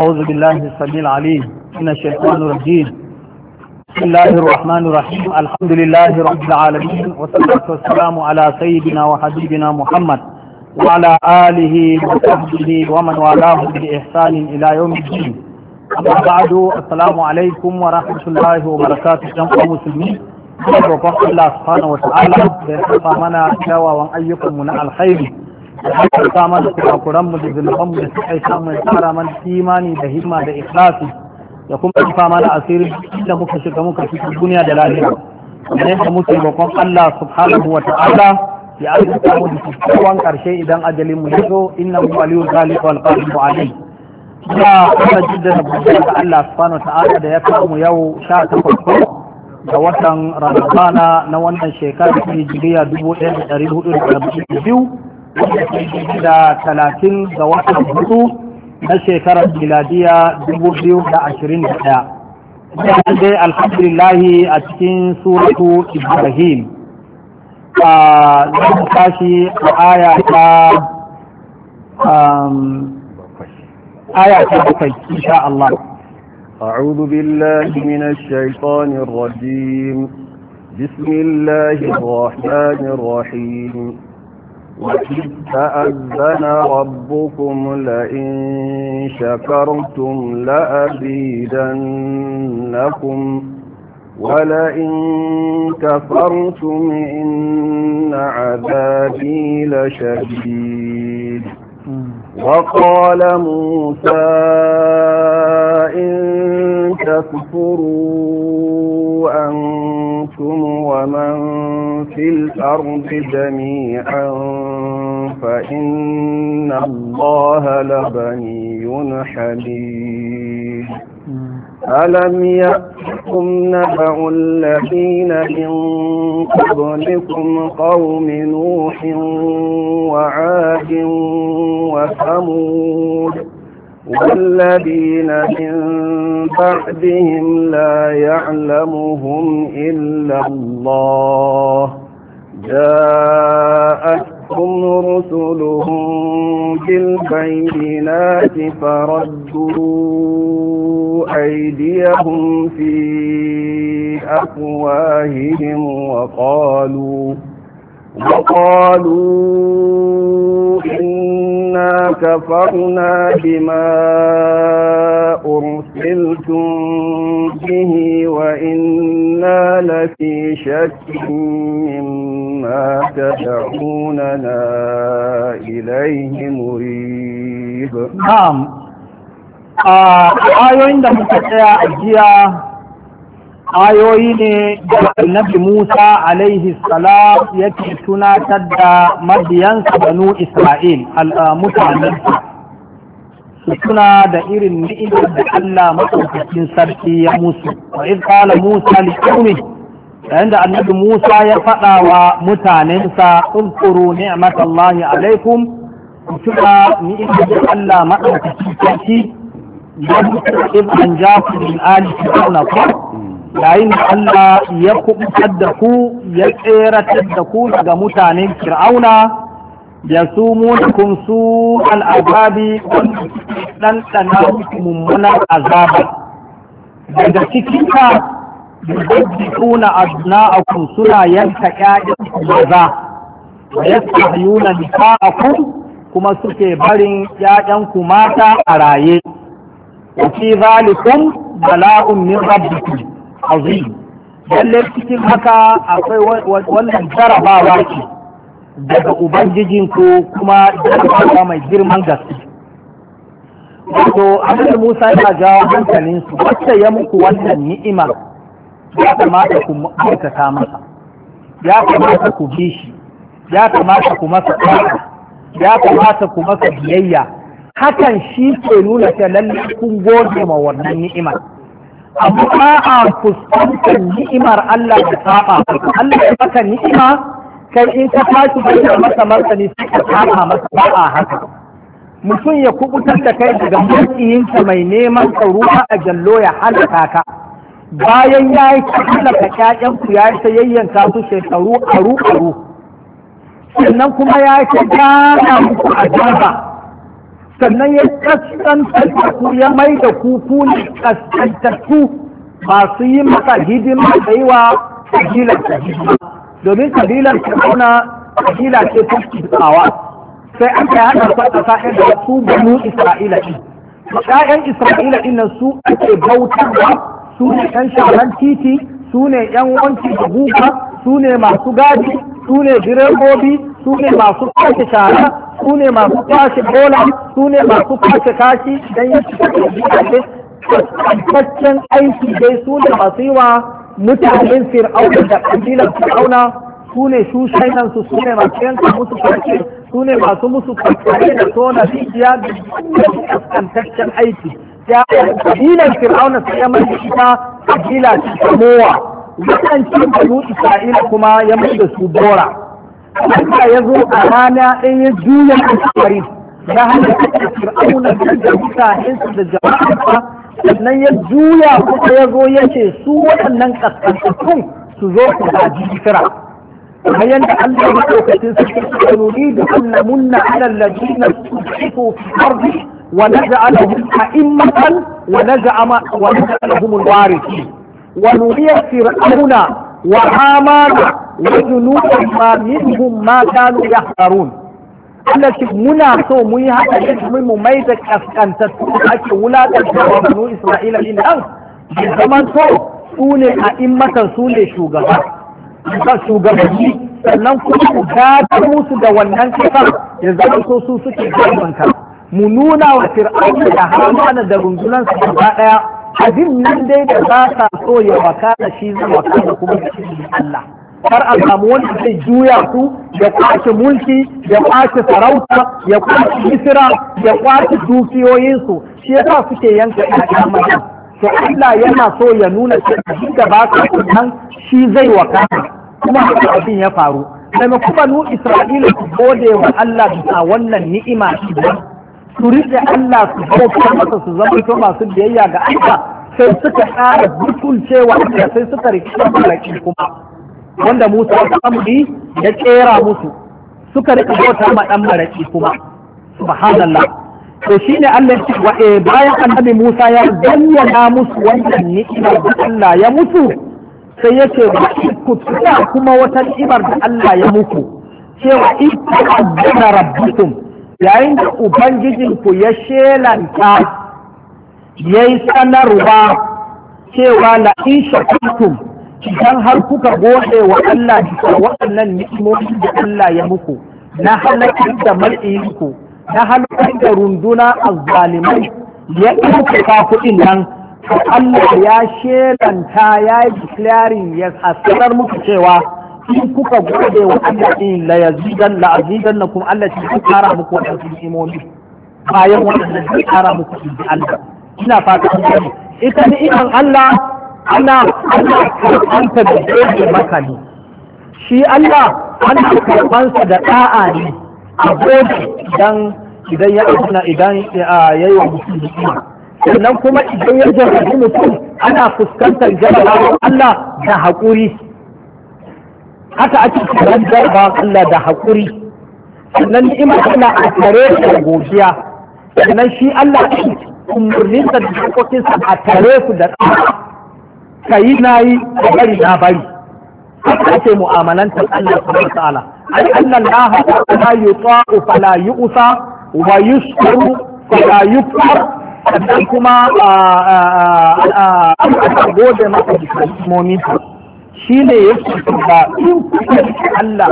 أعوذ بالله السميع العليم من الشيطان الرجيم بسم الله الرحمن الرحيم الحمد لله رب العالمين والصلاة والسلام على سيدنا وحبيبنا محمد وعلى آله وصحبه ومن والاه بإحسان إلى يوم الدين أما بعد السلام عليكم ورحمة الله وبركاته جمع المسلمين ربكم الله سبحانه وتعالى بإحسان منا كوا وأن أيكم من الخير da kama da kurakuran mu da zunuban mu da suka yi samun tsara man imani da himma da ikhlasi da kuma yi fama da asirin da muka shiga muka shiga duniya da lafiya kamar yadda muke roƙon Allah subhanahu wa ta'ala ya azuta mu da kyakkyawan karshe idan ajalin mu ya zo inna hu waliyul ghalib wal qadir alim ya kuma jaddada bukatar da Allah subhanahu wa ta'ala da ya kawo mu yau sha 18 da watan ramadana na wannan shekara ta hijiriya 1442 da talatin ga watan hudu na shekarar miladiya dubu biyu da ashirin da ɗaya. Wannan dai alhamdulillahi a cikin suratu Ibrahim. A zan tashi a aya ta aya ta bakwai insha Allah. أعوذ بالله من الشيطان الرجيم بسم الله الرحمن الرحيم وإذ تأذن ربكم لئن شكرتم لأزيدنكم ولئن كفرتم إن عذابي لشديد وقال موسى إن تكفروا أنتم ومن في الأرض جميعا فإن الله لبني حميد ألم يأتكم نبأ الذين من قبلكم قوم نوح وعاد وثمود والذين من بعدهم لا يعلمهم إلا الله جاءت جاءتهم رسلهم بالبينات فردوا أيديهم في أفواههم وقالوا وقالوا إنا كفرنا بما أرسلتم به وإنا لفي شك مما تدعوننا إليه مريب نعم آه آيوين ده متسيا أجيا ayoyi ne da annabi Musa alaihi salam yake tunatar da mabiyansa banu Isra'il mutanen su tuna da irin ni'imar da Allah maɗaukakin sarki ya musu wa idh qala Musa li qaumi yayin da annabi Musa ya faɗa wa mutanensa uzkuru ni'matallahi alaikum ku tuna ni'imar da Allah maɗaukakin sarki ya musu iz an jaku min ali fir'auna yayin da Allah ya kubutar da ku ya tseratar da ku daga mutanen fir'auna ya su munakun su al'azabi ɗanɗana mummunan azaba daga cikin ka yubaddikuna abna'akum suna yanka ƴaƴan maza yastahyuna nisa'akum kuma suke barin 'ya'yanku mata a raye wa fi zalikum bala'un min rabbikum azim lalle cikin haka akwai wannan jarabawa ce daga ubangijinku kuma jarabawa mai girman gaske wato abin musa ga jawo hankalinsu wacce ya muku wannan ni'imar ya kamata ku aikata masa ya kamata ku bi shi ya kamata ku masa ya kamata ku masa biyayya hakan shi ke nuna ta lalle kun goge ma wannan ni'imar amma ba a fuskantar ni'imar Allah da saba Allah ya baka ni'ima kai in ka tashi bayyana masa martani sai ka saba masa ba a haka mutum ya kubutar da kai daga mulkiyinka mai neman tsaruwa a jallo ya halaka ka bayan ya yi halaka ku ya yi ta yayyanka su shekaru aru aru sannan kuma ya yi ta gana muku a sannan ya kaskantar da ku ya mai da ku ku ne kaskantattu masu yi masa hidima da yi wa kabilar ta hidima domin kabilar ta zauna kabila ce ta kisawa sai an kai haɗa kwata ƙasa da su banu isra'ila ɗin ƴaƴan isra'ila ɗin nan su ake bautarwa su ne ƴan sharan titi su ne ƴan wanki da guga su ne masu gadi su ne direbobi su ne masu kwashe shara su ne masu kwashe bola su ne masu kwashe kashi don yin cikakken aiki dai su ne masu yi wa mutanen fir'auna da kabilan fir'auna su ne shushainansu su su ne masu yanka musu kwanci su ne masu musu kwanci da tona rijiya da kaskantaccen aiki ya kabilan fir'auna su ya mai ita kabila ta mowa waɗancan banu isra'ila kuma ya mai da su bora haka ya zo a rana ɗin ya juya al'amari ya hana fir'auna da mutanensa da jama'a? sannan ya juya kuma ya zo ya ce su waɗannan ƙasƙantattun su zo su gaji kira bayan da Allah ya lokacin su ke tsanoni da kunna munna ala alladina tusifu fi ardi wa naj'aluhum a'immatan wa naj'ama wa naj'aluhum al-warithin wa nuriya fir'auna wa hamana wa junudan ma minhum ma kanu yahqarun Allah shi muna so mu yi haka ne mu mai da kaskantattu da ake wulakanta wa banu Isra'ila din nan zaman to su a immatan su ne shugaba shugabanni sannan kuma ku gadar musu da wannan kasar ya suke mu nuna wa fir'auna da da rundunan gaba ɗaya. abin nan dai da za ka so ya wakana shi zai wakana kuma shi Allah kar a samu wanda zai juya su ya kwace mulki ya kwace sarauta ya kwace misira ya kwace dukiyoyinsu shi yasa suke yanka ƴaƴa maza to Allah yana so ya nuna cewa duk da ba ka nan shi zai wakana kuma haka abin ya faru sai kuma nu Isra'ila su gode wa Allah bisa wannan ni'ima ba su riƙe Allah su bauta masa su zama to masu biyayya ga Allah sai suka ƙara butulcewa da sai suka riƙe malaki kuma wanda Musa ya amri ya kera musu suka riƙe bauta ma ɗan malaki kuma subhanallah to shine Allah ya wa e bayan annabi Musa ya bayyana musu wannan ni'imar da Allah ya mutu sai ya ce ku tuna kuma wata ni'imar da Allah ya muku cewa in ta'azzana rabbukum yayin da ubangijin ku ya shelanta ya yi sanarwa cewa na in idan har kuka gode wa Allah bisa waɗannan ni'imomin da Allah ya muku na halakar da mal'inku na halakar da runduna a zalimai ya ka kuɗin nan to Allah ya shelanta ya yi declaring ya sanar muku cewa in kuka gode wa Allah din la yazidan la azidan lakum Allah shi ya kara muku wadansu imomi bayan wannan shi kara muku shi Allah ina fata an gani ita ni idan Allah ana Allah an ta da yake maka ne shi Allah ana ta karban sa da da'a ne a gode idan idan ya abuna idan yayi wa mutum ni'ima sannan kuma idan ya jarrabi mutum ana fuskantar jarrabawar Allah da haƙuri haka ake kiran jarba Allah da haƙuri sannan ni'imar Allah a tare da godiya sannan shi Allah umurninsa da haƙoƙinsa a tare su da ka yi na yi ka bari na bari haka ake mu'amalantar Allah subhanahu wa ta'ala ai anna Allah la yuta'u fala yu'sa wa yushkuru fala yukfar sannan kuma a gode masa da kalmomin shi ne ya ba in kuka rike Allah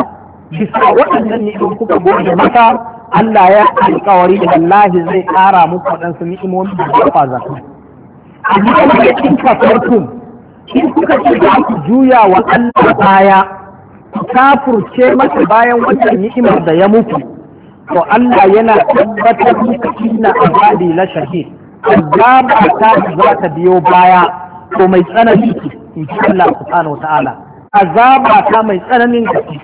bisa waɗannan in kuka goge mata? Allah ya alkawari da Allah zai ƙara muku waɗansu ni'imomi da ya faza ku amma kuma in kafartum in kuka ce za ku juya wa Allah baya kafurce masa bayan wannan ni'imar da ya muku to Allah yana tabbatar muku inna azabi la shahid azaba ta za ta biyo baya Ko mai tsanani in ji Allah subhanahu ta'ala azaba ta mai tsananin gaske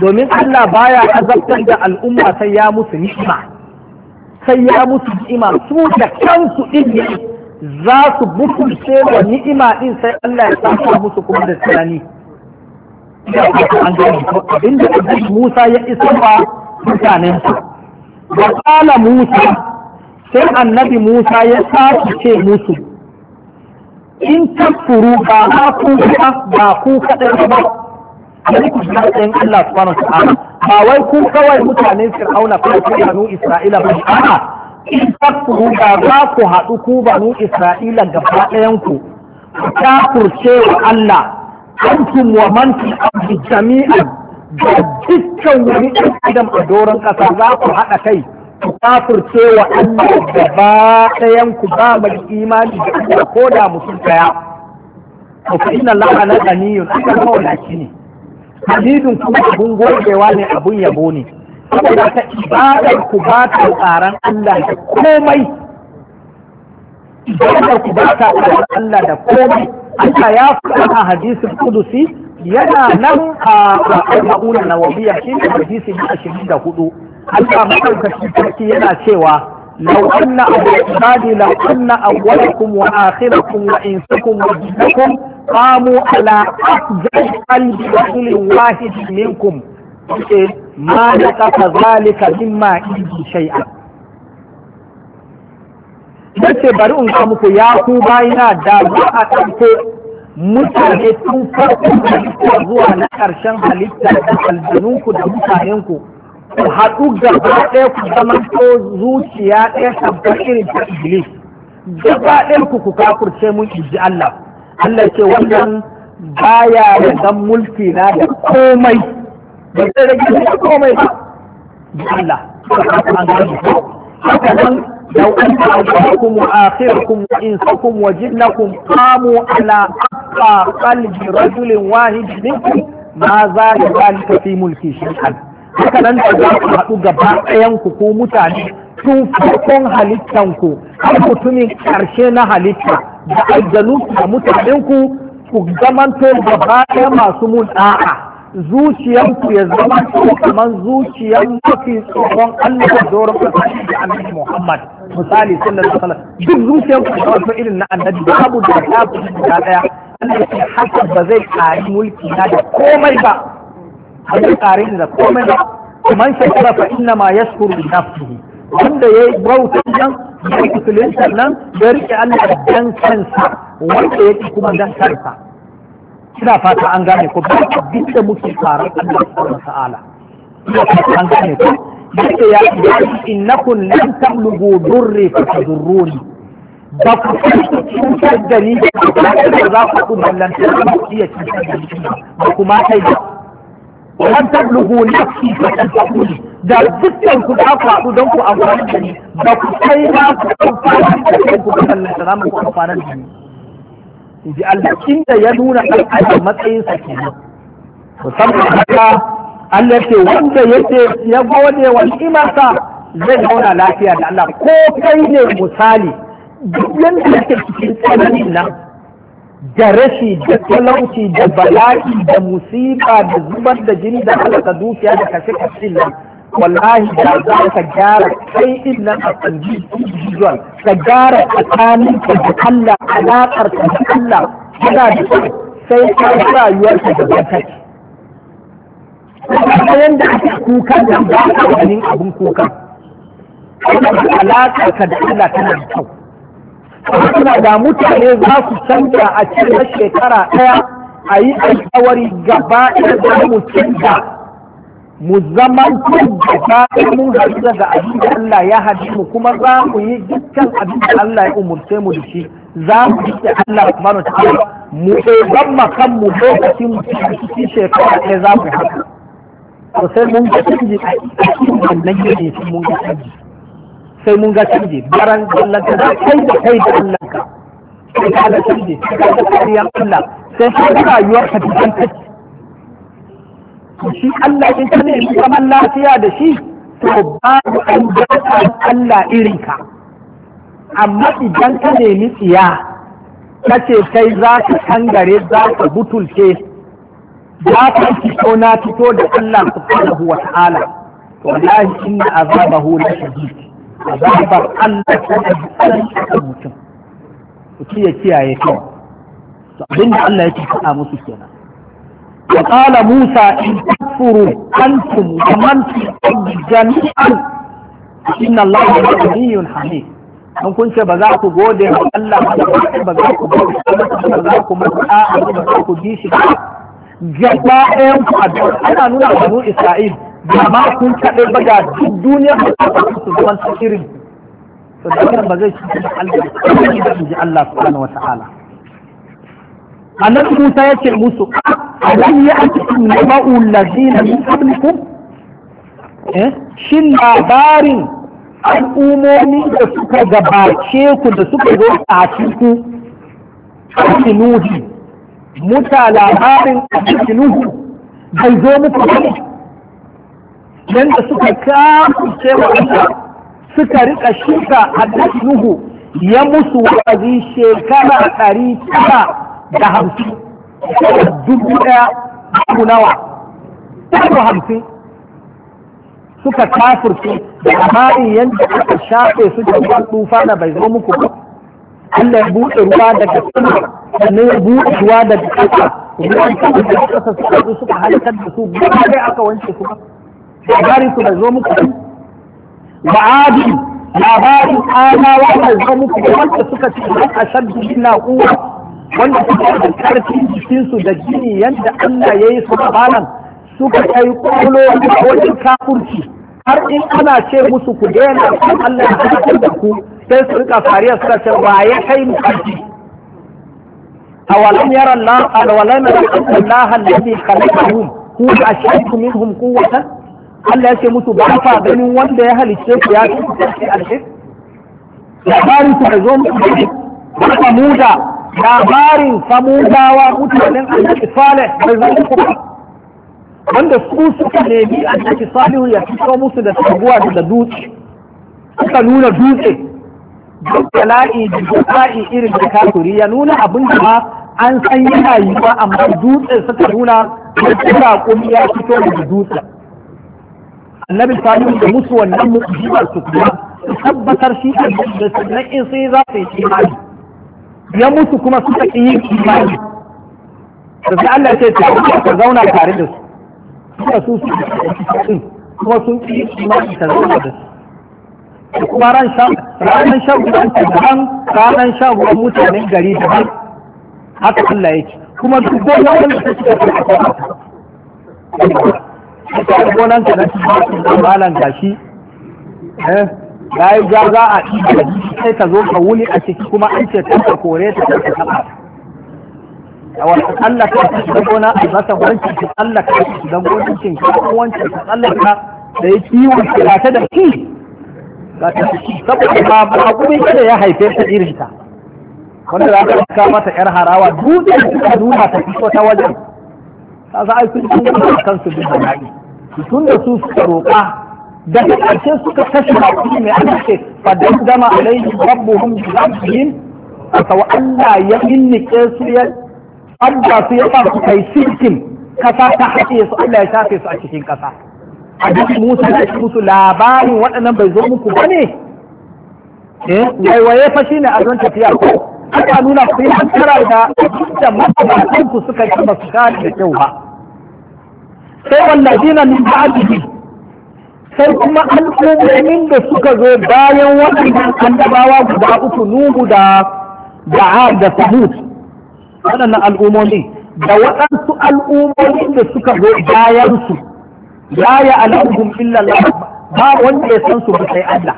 domin Allah baya azabtar da al'umma sai ya musu ni'ima sai ya musu ni'ima su da kansu din ne za su butulce wa ni'ima din sai Allah ya saka musu kuma da tsanani an gani abinda Musa ya isa wa mutanen su wa Musa sai annabi Musa ya sake ce musu in takfuru ba ma ku ba ku kaɗai ba alaikum shahadatin Allah subhanahu wa ta'ala ba wai ku kawai mutanen Fir'auna ko banu Isra'ila ba a'a in takfuru ba za ku haɗu ku banu Isra'ila gaba ɗayan ku kafurce wa Allah antum wa man fi ardi jami'an da dukkan wani ɗan adam a doron ƙasa za ku haɗa kai ku kafirce wa Allah gaba ɗayan ku ba mai imani da Allah ko da mutum daya to fa inna Allah la ganiyun akan shi ne hadidun kuma abun gogewa ne abun yabo ne saboda ta ibadar ku ba ta tsaron Allah da komai ibadar ku ba ta tsaron Allah da komai Allah ya faɗa a hadisin kudusi yana nan a na wabiya shi ne hadisi na ashirin da hudu Allah maɗaukaki sarki yana cewa لو أن عبادي لو أن أولكم وآخركم وإنسكم وجنكم قاموا على أفجر قلب رجل واحد منكم ما نقص ذلك مما إيدي شيئا yace bari in ka muku ya ku bayina da za a ɗauko mutane tun farko halitta zuwa na ƙarshen halitta da aljanunku da mutanenku ku haɗu gaba ɗaya ku zama ko zuciya ɗaya tabbar irin ta iblis gaba ɗaya ku ku kafurce mun inji Allah Allah ce wannan baya da dan mulki na da komai ba zai rage da komai ba ji Allah an haka nan لو أن أولكم وآخركم وإنسكم وجنكم قاموا على أقصى قلب رجل واحد منكم ما زال ذلك في ملكي شيئا haka nan da za ku haɗu gaba ɗayan ku ko mutane tun farkon halittan ku har mutumin ƙarshe na halitta da aljanu da mutanen ku ku zamanto gaba ɗaya masu mun ɗa'a zuciyanku ya zama kamar zuciyan mafi tsohon Allah da zoron kasashe da annabi Muhammad misali sallallahu alaihi wasallam duk zuciyanku ya zama irin na annabi babu da ta fi guda ɗaya, Allah ya haka ba zai ƙari mulki na da komai ba ba zai kare ni da komai ba man shakara fa inna ma yashkuru li nafsihi wanda yayi bauta nan yayi musulunta nan ya rike Allah dan kansa wanda yake kuma dan kansa ina fata an gane ko ba abin da muke fara Allah subhanahu wa ta'ala an gane ko yake ya innakum lan tablughu durri fatadurruni ba ku cutar da ni ba za ku kuma lantarki iya cutar da ni ba kuma kai ba an tabluhu na fa kan kuli da dukkan ku da ku haɗu don ku amfani da ni ba ku kai ba ku amfani da ni ku ga Allah da zamu ku amfani da ni inji Allah inda ya nuna al'ada matsayin sa kenan musamman haka Allah ce wanda yake ya gode wa ni'imarsa zai zauna lafiya da Allah ko kai ne misali duk yanda yake cikin tsananin nan da rashi da talauci da bala'i da musiba da zubar da jini da halaka dukiya da kashe kashe nan wallahi da za ka gyara kai din nan a tsanji individual ka gyara tsakanin ka da Allah alaƙar ka da Allah kana da sai ka rayuwar ka da bakai kuma yanda ake kuka da ba ka ganin abin kuka alaƙar ka da Allah tana da kyau kuma da mutane za su canza a cikin shekara ɗaya a yi alkawari gaba ɗaya za mu canza mu kun da mun haɗu daga abin da Allah ya haɗu mu kuma za mu yi dukkan abin da Allah ya umurce mu da shi za mu yi da Allah na ta ta'ala mu ɗaukan makan mu lokacin mu cikin shekara ɗaya za mu haɗu to sai mun ga canji a cikin wannan yanayi mun ga canji sai mun ga canji baran Allah ka kai da kai da Allah ka sai ka ga canji sai ka ga kariyar Allah sai ka ga rayuwar ka cikin kaci shi Allah in ka ne mu zaman lafiya da shi to babu an gasa Allah irin ka amma idan ka nemi tsiya ka ce kai za ka kangare za ka butulce za ka fito na fito da Allah subhanahu wa ta'ala wallahi inna azabahu la shadid azabar Allah ta da mutum ku ya kiyaye kawai to abinda Allah yake faɗa musu kenan wa qala Musa in takfuru antum wa man fi ardi jami'an inna Allah ghaniyyun hamid an kun ce ba za ku gode wa Allah ba za ku gode ba za ku mata ba za ku bi shi gaba ɗayan ku a ana nuna wa Isra'il amma kun kaɗai ba ga duk duniya ba ta faɗi su zaman ta irin to da wannan ba zai ci da Allah ba ji Allah subhanahu wata'ala annabi Musa ya ce musu alam ya atikum naba'u allazina min qablikum eh shin labarin al'umomi da suka gabace ku da suka zo a cikin ku nuhi muta labarin a cikin nuhu bai zo muku ba yanda suka kafurce wa suka rika shuka a Nuhu ya musu wa'azi shekara ɗari tara da hamsin dubu ɗaya abu nawa dubu hamsin suka kafurce da amarin yanda aka shafe su da ruwan tufa da bai zo muku ba Allah ya buɗe ruwa daga sama sannan ya buɗe ruwa daga ƙasa ruwan da ƙasa suka zo suka halakar da su ba dai aka wanke su ba labarin su bai zo muku ba adi labarin adawa bai zo muku ba wanda suka cika ba a shabbi ina wanda suka da karfin jikinsu da gini yadda Allah ya yi su banan suka kai kolo a wajen kafurci har in ana ce musu ku daina Allah ya haɗa da ku sai su rika fariya suka ce ya kai mu karfi أولم يرى الله أولم يرى الله الذي خلقهم هو أشد منهم قوة Allah ya ce mutu ba fa ganin wanda ya halicce ku ya ci alheri labarin ku da zo musu ba fa muda labarin samudawa mutanen annabi salih bai zo ku wanda su suka nemi annabi salihu ya fito musu da sabuwa da dutse suka nuna dutse da bala'i da bala'i irin da kafiri ya nuna abin da ma an san yana yi ba amma dutse suka nuna da kuma ya fito da dutse annabi salihu da musu wannan mu'jizar su kuma tabbatar shi a da sannan in sai za su yi imani ya mutu kuma suka ƙi yin imani da sai Allah ce ta ka zauna tare da su su su kuma sun ƙi yin imani ta zauna da su da kuma ran shan shan ruwan daban shan ruwan mutanen gari daban haka Allah yake kuma duk wani wanda suka ƙi ka gonan ta na cikin da malan gashi eh yayi ja za a ci sai ta zo ka wuni a ciki kuma an ce ta ka kore ta ta ka da wata tsallaka ta shiga gona a masa wancan ta tsallaka ta shiga gonan shinkafa wancan ta tsallaka da ya kiwon ta da ki za ta fi saboda ba ba kuma ita da ya haife ta irin ta wanda za ka saka mata yar harawa dutse ta duma ta fito ta wajen ta za a yi sun yi kansu bin bala'i tun da su suka roƙa da ta ƙarshe suka kashe kuɗi mai ana ce fadan dama alaihi rabbuhum bi zambihim sau Allah ya innike su ya abba su ya sa su kai sirkin kasa ta haɗe su Allah ya shafe su a cikin kasa a duk Musa da ce musu labarin waɗannan bai zo muku ba ne eh, waiwaye fa ne a zon tafiya ko aka nuna ku yi hankara da duk da matsabatan ku suka yi ba su kare da kyau ba sai wallazina min ba'dihi sai kuma al'ummomin da suka zo bayan waɗannan annabawa guda uku nuhu da da'ad da samud waɗannan al'ummomi da waɗansu al'ummomin da suka zo bayan su la ya alahum illa ba wanda ya san su ba sai Allah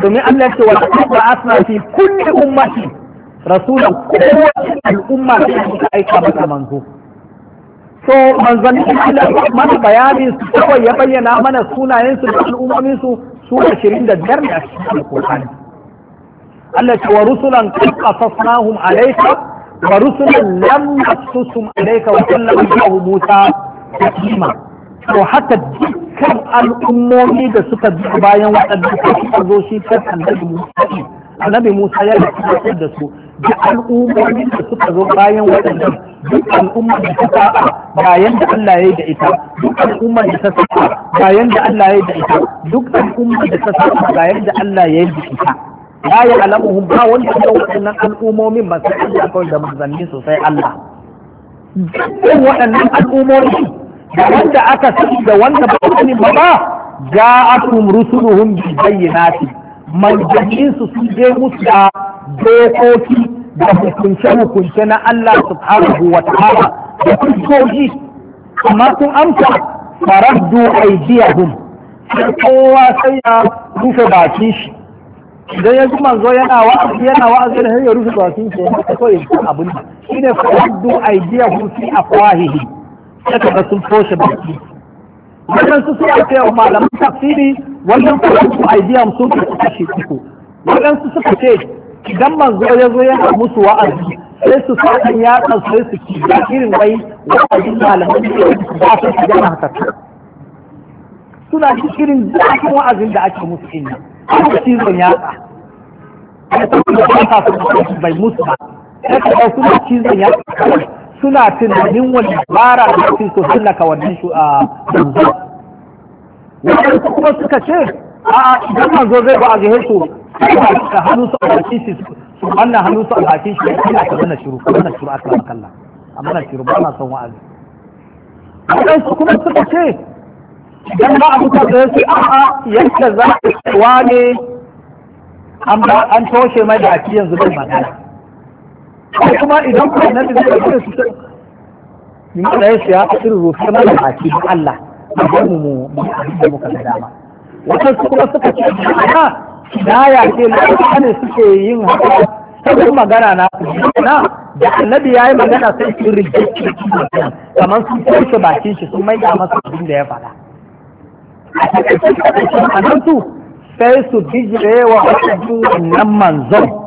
domin Allah ya ce wa laqad asna fi kulli ummati rasulan kowace al'umma sai aika mata manzo so manzannin Allah mana bayanin su kawai ya bayyana mana sunayen su da al'ummomin su su 25 ne a cikin alkur'ani Allah ce wa rusulan qad qasasnahum alayka wa rusulan lam naqsusum alayka wa kallama Musa taklima to haka duk kan al'ummomi da suka bi bayan waɗanda suka zo shi kan annabi Musa annabi Musa ya tafi da su da al'ummomi da suka zo bayan waɗanda duk al'umma da ta saba ga yanda Allah ya yi da ita duk al'umma da ta saba ga yanda Allah ya yi da ita duk al'umma da ta saba ga yanda Allah ya yi da ita la ya alamuhum ba wanda ya waɗannan al'ummomin ba sai Allah kawai da manzanni sosai Allah duk waɗannan al'ummomi da wanda aka sani da wanda ba sani ba ba ja'atum rusuluhum bil bayyinati manjin su sun je musu da dokoki da hukunce hukunce na Allah subhanahu wa ta'ala da soji amma sun amsa faraddu aydiyahum sai kowa sai ya rufe baki shi idan ya ji manzo yana wa'azi yana wa'azi da hanyar rufe bakin shi ya kawai abin shi ne faraddu aydiyahum fi afwahihi suka ga sun toshe baki wannan su suka ce wa malaman tafsiri wannan kuma su aidiyam sun fi kashi uku wannan su suka ce idan manzo ya zo yana musu wa'azi sai su sa kan yatsa sai su ki da irin wai wa'azin malaman da ba su shiga na haka suna ci irin zafin wa'azin da ake musu Kuma aka cizon yatsa ya san da ba su bai musu ba sai ka ga suna cizon yatsa kawai suna tunanin wani bara da su su hallaka wannan shu a manzo wannan kuma suka ce a idan manzo zai ba a zuhe su hannu su a bakin shi su wannan hannu su a bakin shi ina ta mana shiru ko mana shiru a kan kalla a mana shiru ba na son wa'azi wannan su kuma suka ce idan ba a mutu da su a a yadda za a wane an toshe mai da a yanzu bai magana ko kuma idan ku nan da zai da su min da ya siya a cikin rufi na da haki Allah idan mu mu abin da muka dama wannan su kuma suka ce ha hidaya ce ne suke yin haka sabon magana na na da annabi ya yi magana sai su rijiki kamar sun toshe bakin shi sun maida masa abin da ya faɗa a nan su sai su bijire wa wasu wannan manzon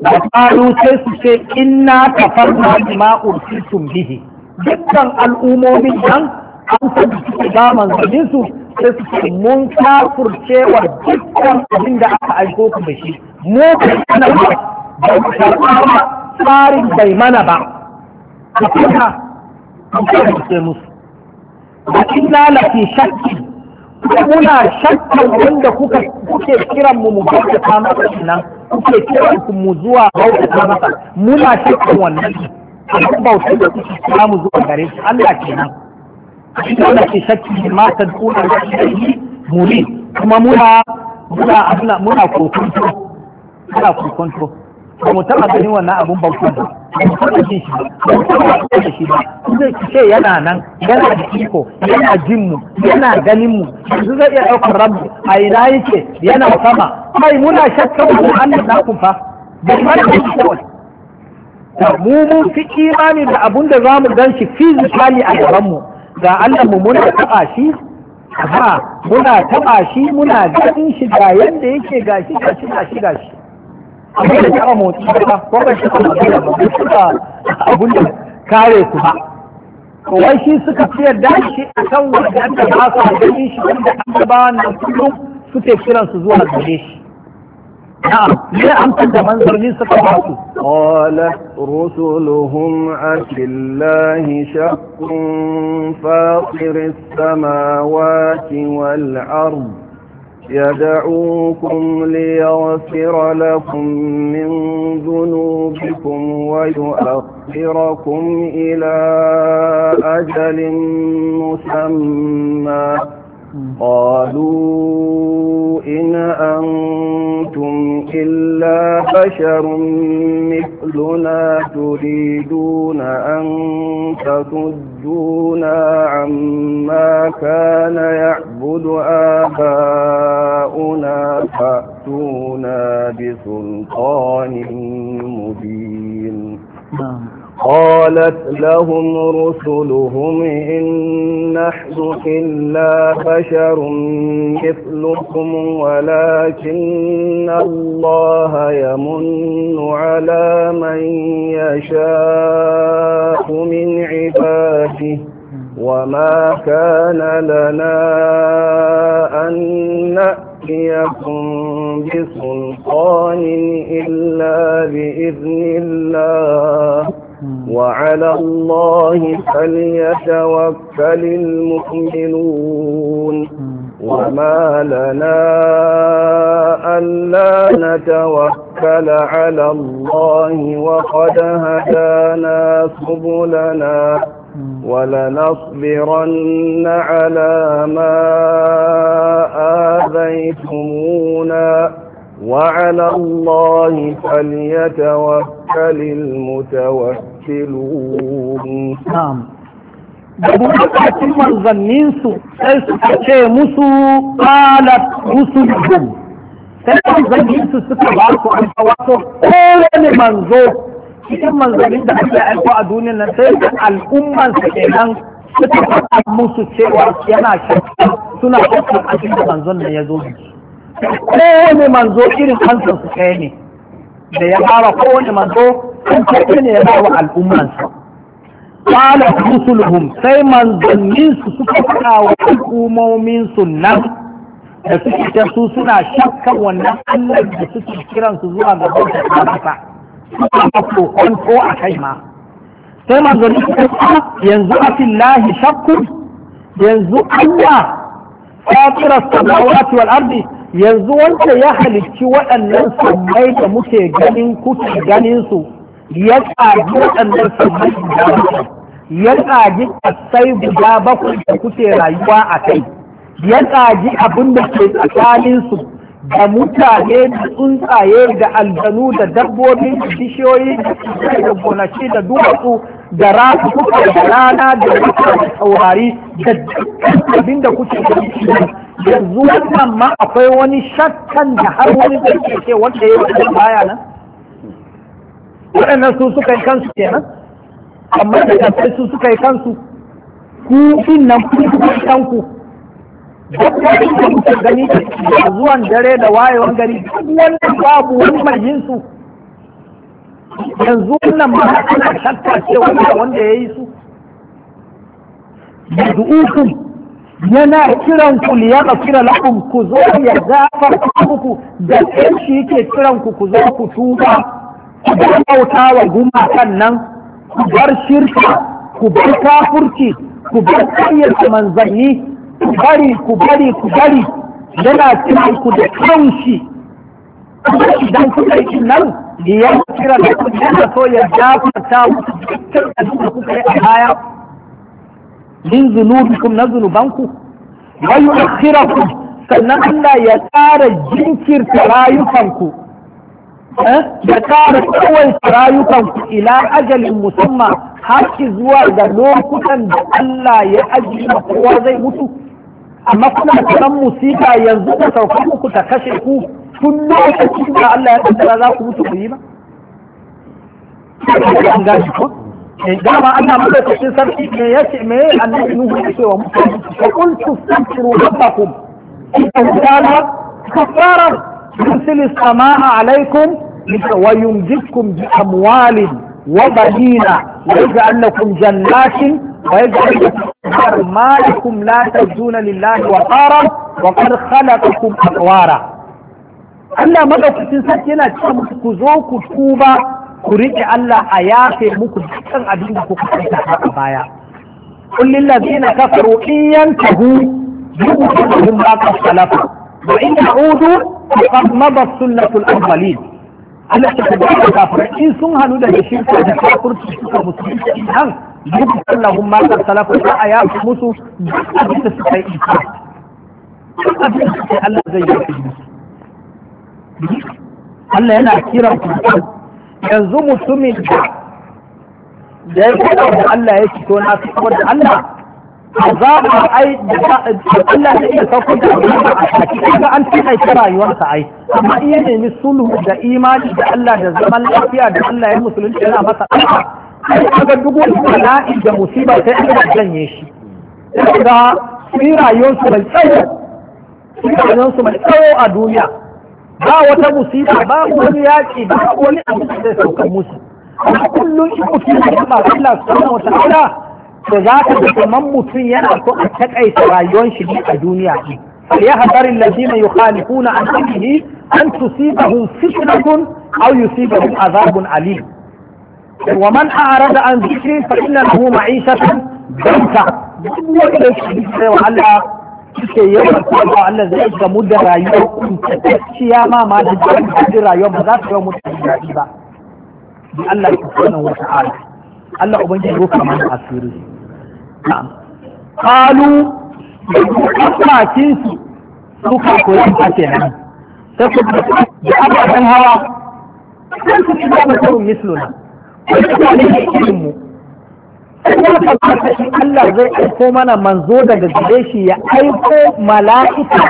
da ƙalu sai su ce inna kafarna bima ursiltum bihi dukkan al'ummomin nan an san suke su sai su ce mun kafurcewa dukkan abin da aka aiko ku da shi mu da tsarin bai mana ba a kuma da shakki kuna shakkar wanda kuka kuke kiran mu mu bauta masa nan kuke kiran ku mu zuwa bauta masa muna shakkar wannan abin bauta da kuke kira mu zuwa gare shi Allah kenan Allah ki shakki ma ta kuna da shi muri kuma muna muna muna kuna muna kokonto ba mu taɓa ganin wannan abun bautan ba ba mu taɓa jin shi ba mu taɓa da shi ba zai ce yana nan yana da iko yana jin mu yana ganin mu yanzu zai iya ɗaukar rabu a ina yake yana sama kai muna shakkan mu an da ku fa ba mu da shi kawai mu mun fi imani da abun da za mu gan shi fizikali a gaban mu ga Allah mu muna taɓa shi ba muna taɓa shi muna ganin shi ga yanda yake gashi gashi gashi gashi abin da kama motsi ba ko ba shi kuma abin ba suka abin da kare su ba Kawai shi suka fi yarda shi a kan wanda aka su a gani shi wanda an ba wannan kullum suke kiran su zuwa gare shi نعم لا أمكن من ذرني سكباته قالت رسلهم أفي الله شق فاطر السماوات والأرض يدعوكم ليغفر لكم من ذنوبكم ويؤخركم إلى أجل مسمى قالوا إن أنتم إلا بشر مثلنا تريدون أن تصدونا عما كان يعبد آباؤنا فأتونا بسلطان مبين نعم قالت لهم رسلهم إن نحن إلا بشر مثلكم ولكن الله يمن على من يشاء من عباده وما كان لنا أن نأتيكم بسلطان إلا بإذن الله وعلى الله فليتوكل المؤمنون وما لنا ألا نتوكل على الله وقد هدانا سبلنا ولنصبرن على ما آذيتمونا وعلى الله فليتوكل المتوكل يقتلون نعم daga lokacin manzanninsu sai suka ce musu qalat rusuluhum sai su suka ba su an wato kowane manzo cikin manzannin da ake aiko a duniya nan sai da al'umman su nan suka faɗa musu cewa yana shakka suna shakka a cikin manzon nan ya zo kowane manzo irin kansa su kai ne da ya fara kowane manzo kan karfe ne ya ba wa al'ummansa qala rusuluhum sai manzannin su suka faɗa wa al'ummomin su da suke ta su suna shakkan wannan Allah da suke kiran su zuwa ga bauta ta kasa suka kokon ko a kai ma sai manzannin su ah, yanzu a fillahi shakkun yanzu Allah fatirar samawati wal ardi yanzu wanda ya halicci waɗannan sammai da muke ganin kuke ganin su ya ƙaji waɗannan sabbin guda bakwai ya ƙaji ƙasai guda bakwai da kuke rayuwa a kai ya ƙaji abin da ke tsakaninsu da mutane da tsuntsaye da aljanu da dabbobi da bishiyoyi da gonaki da duwatsu da rafuka da rana da wata da taurari da abin da kuke da yanzu wannan ma akwai wani shakkan da har wani da ke wanda ya yi baya nan waɗannan su suka yi kansu kenan amma da kasar su suka yi kansu ku in nan ku suka yi kanku wani da kuka gani da zuwan dare da wayewan gari duk wannan babu wani mai yin su yanzu wannan ma ana shakka cewa wanda ya yi su uku yana kiran ku li kira la'um ku zo ya gafarta ku da shi yake kiran ku ku zo ku tuba ku bar bauta wa gumakan nan ku bar shirka ku bar kafurci ku bar karyata manzanni ku bari ku bari ku bari yana kiran ku da kanshi idan kuka yi nan ya kira da ku yana so ya gafarta muku dukkan abin da kuka yi a baya min zunubikum na zunubanku kira ku sannan Allah ya tsara jinkirta rayukanku Eh? da kare kawai rayukan ila ajalin musamman har zuwa ga lokutan da Allah ya ajiye kowa zai mutu amma kuna karan musika yanzu ta sauka ku ta kashe ku tun lokacin da Allah ya kaddara za ku mutu ku yi ba an gashi ko eh, dama Allah madaukakin sarki me yace me annabi Nuhu ya ce wa mutane fa qul tastaghfiru rabbakum innahu kana kafaran yursilu samaa'a alaykum ويمددكم بأموال وبنين ويجعل لكم جنات ويجعل لكم ما لكم لا wa لله وقارا وقد خلقكم أطوارا Allah madaukakin sarki yana cewa muku ku zo ku tuba ku riƙe Allah a yafe muku dukkan abin da kuka aikata a baya. Kullin lazina kafaru in yantahu yubu lahum ma qad salafa wa in ta'udu faqad madat sunnatul awwalin. Allah ta da in sun hanu shirka da kafirci suka nan duk ma ta salafu a ya musu duk abin da suka yi Allah zai yi musu Allah yana kiran ku yanzu mutumin da da ya Allah ya fito na fito da Allah azaba ai da Allah zai iya saukar da azaba a shaki kaga an fi aika rayuwarsa ai amma iya nemi sulhu da imani da Allah da zaman lafiya da Allah ya musulunci yana masa ai kaga duk wani bala'i da musiba sai an ga janye shi kaga su rayuwarsu mai tsayo su rayuwarsu mai tsawo a duniya ba wata musiba ba wani yaƙi ba wani abu da zai saukar musu kullum in mutum ya taɓa Allah subhanahu wa ta'ala to za ka ga kamar mutum yana so a takaita rayuwar shi a duniya ne فليحذر الذين يخالفون عن امره ان تصيبهم فتنه او يصيبهم عذاب اليم ومن اعرض عن ذكري فان له معيشه ضنكا وعلى suke yawan kuma Allah zai ga mu da rayuwar kuntacciya ma ma da jin rayuwar ba za su yi mutane daɗi ba. Bi Allah subhanahu wa ta'ala. Allah ubangiji ya roƙa mana asiri. kalu kafakinsu suka koyi a kenan sai ku da ababen hawa sai su ci gaba da misluna wani ne irin mu Allah zai aiko mana manzo daga gare shi ya aiko mala'ika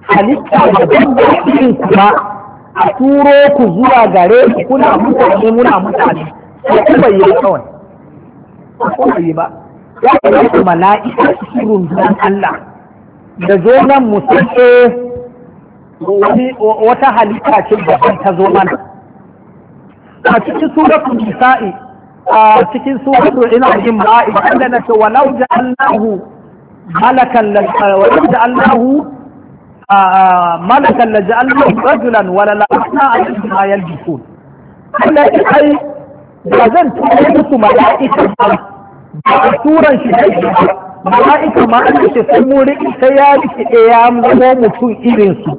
halitta da banda irin su ba a turo ku zuwa gare ku kuna mutane muna mutane sai ku yi kawai ba kuma yi ba ya kamata mala'ika su rundunar Allah da zo nan mu eh, wata halitta ce da ta zo mana a cikin suratul nisa'i a cikin suratul ina jin ma'i inda na ce walau ja'alnahu malakan walau ja'alnahu malakan la ja'alnahu rajulan wala la'ana alayhi ma yalbisun Allah ya ai da zan tuye musu mala'ika a turan shi da shi ba mala'ika ma an ce sai mu riƙi sai ya riƙe ya zama mutum irin su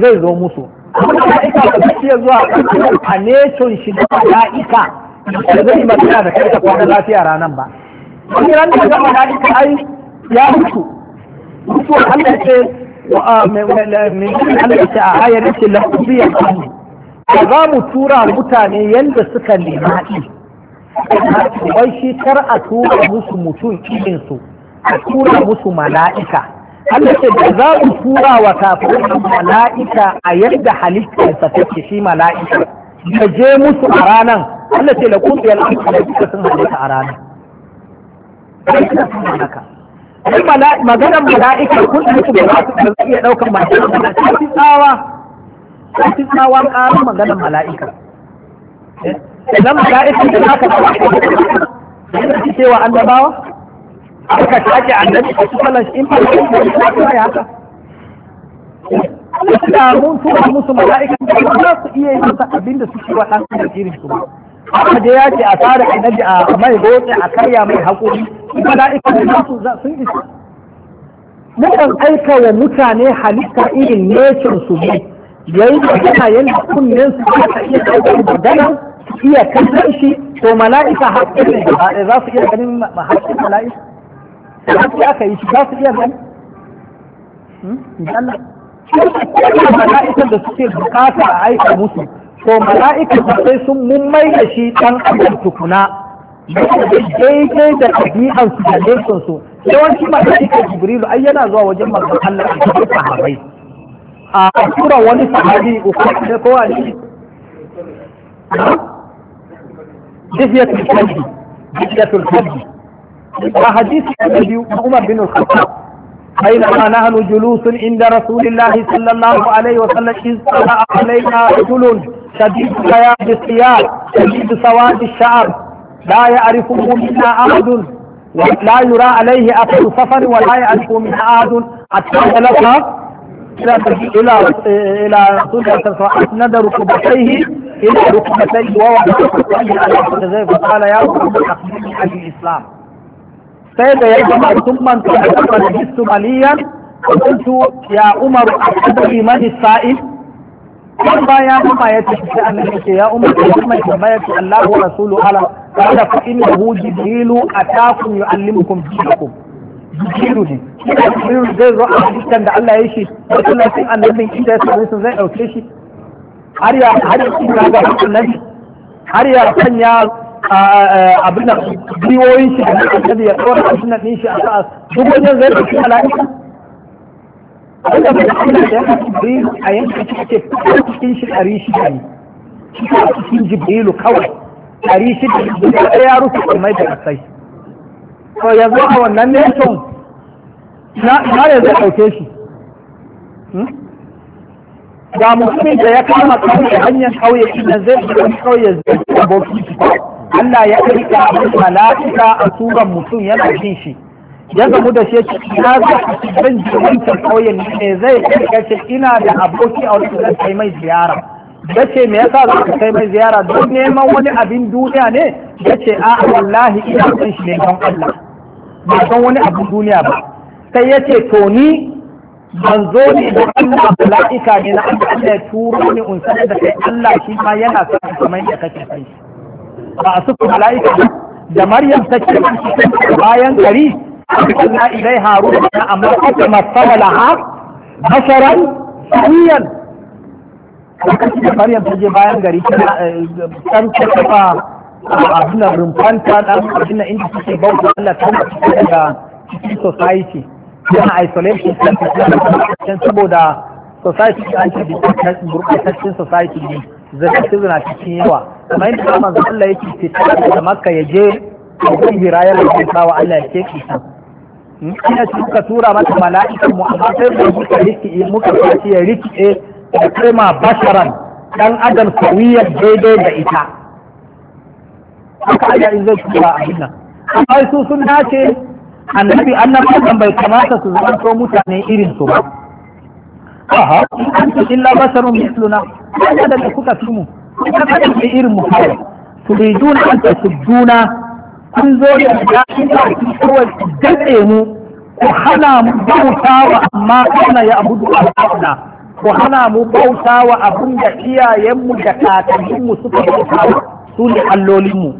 zai zo musu mala'ika ba zai iya zuwa a nation shi da mala'ika da zai magana da kai ta kwana lafiya ranan ba wani ran da ga mala'ika ai ya mutu mutuwar Allah ce halitta a hayar yake lafiya za mu tura mutane yadda suka nema ɗi wai shi kar a tura musu mutum irinsu a tura musu mala'ika Allah ce da za ku tura wa kafirin mala'ika a yadda halittarsa take shi mala'ika ka je musu a ranan Allah ce da kun biyar da sun halitta a ranan maganar mala'ika kun mutu da za su iya ɗaukar mala'ika da ta fi tsawa ta fi tsawa ƙarar maganar mala'ika eh? idan mala'ikin da aka yana ci cewa annabawa aka shaƙe annabi a su falan in ba su yi da ya haka da mun tura musu mala'ikan da ba za su iya yi masa abin da suke wa ɗan adam irin su ba haka dai ya ce a tsara annabi a mai goce a karya mai haƙuri mala'ikan da su sun isa mukan aika wa mutane halitta irin nekin su ne yayin da suna yin kunnen su ta iya ɗaukar magana iya kallon shi to mala'ika haƙƙin ne za su iya ganin haƙƙin mala'ika haƙƙi aka yi shi za su iya gani hmm? Allah mala'ikan da suke bukata a aika musu to mala'ika da sai sun mummai da shi ɗan adam tukuna daidai da ɗabi'an su da lekin su yawanci mala'ikan jibrilu ai yana zuwa wajen manzon Allah a cikin sahabbai a tura wani sahabi uku ne ko a wani جزية الحج جزية الحج وحديث النبي عمر بن الخطاب بينما نحن جلوس عند رسول الله صلى الله عليه وسلم إذ طلع علينا رجل شديد بياض الثياب شديد سواد الشعر لا يعرفه منا أحد ولا يرى عليه أثر سفر ولا يعرفه منا أحد حتى تلقى الى الى الى صلى ندر ركبتيه الى ركبتيه ووضع ركبتيه على ركبتيه وقال يا رب اخبرني عن الاسلام سيد يا عمر ثم انتقلت لبست مليا وقلت يا عمر اخبرني من السائل ثم يا عمر يتحدث يا عمر محمد كما يتي الله ورسوله على قال فانه جبريل اتاكم يعلمكم دينكم jiru ne jiru zai zo a cikin da Allah ya shi da tallafin annabin inda ya sami sun zai ɗauke shi har ya har ya kira ga annabi har ya sanya abin da biyoyin shi da annabi ya ɗora a sunan ɗin shi a sa'a duk wajen zai ɗauki mala'ika abin da bai Allah da ya jibrilu a yankin cikin cikin shi ɗari shida ne cikin jibrilu kawai ɗari shi da ya rufe mai da kasai to yanzu a wannan ne na ne zai ɗauke shi hmm? ga mutumin da ya kama kauye hanyar kauye idan zai shiga kauye zai aboki shi Allah ya aika mala'ika a turan mutum yana jin shi ya zamu da shi ya za a cikin jirgin kauyen ne zai shiga ina da aboki a wani kai mai ziyara bace ce me yasa za ka kai mai ziyara don neman wani abin duniya ne ya ce a wallahi ina son shi ne don Allah ba don wani abin duniya ba sai ya ce to ni ban zo ne da Allah mala'ika ne na Allah ya turo ni in san da kai Allah shi ma yana son kamar yadda kake kai ba a suku mala'ika da Maryam take shi bayan gari Allah ilai haru amma kuma masala ha basharan lokacin da faryar ta je bayan gari tana san eh, ta kafa ah, abin da rumfanta dan abin da inda take bauta Allah ta cikin da cikin society yana isolation kan saboda society ta ake bukatun burkataccen society ne zai zuna cikin yawa kamar yadda manzo Allah yake fita da Makka ya je da hira ya rubuta wa Allah ya ce ke kisan ina suka tura mata mala'ikan mu amma sai da muka riki muka fashi ya riki da kalma basharan dan adam sawiyar daidai da ita haka Allah in zai kula a nan amma su sun dace annabi annabawan bai kamata su zama so mutane irin su ba aha in illa basharun misluna kada da kuka fi mu kuka da irin mu kawai turiduna an juna. kun zo da daɗin da kawai ku daɗe mu ku hana mu bauta wa amma kana ya abudu al'ada ku hana mu bauta wa abin da iyayenmu da kakanninmu suka bauta su ne allolinmu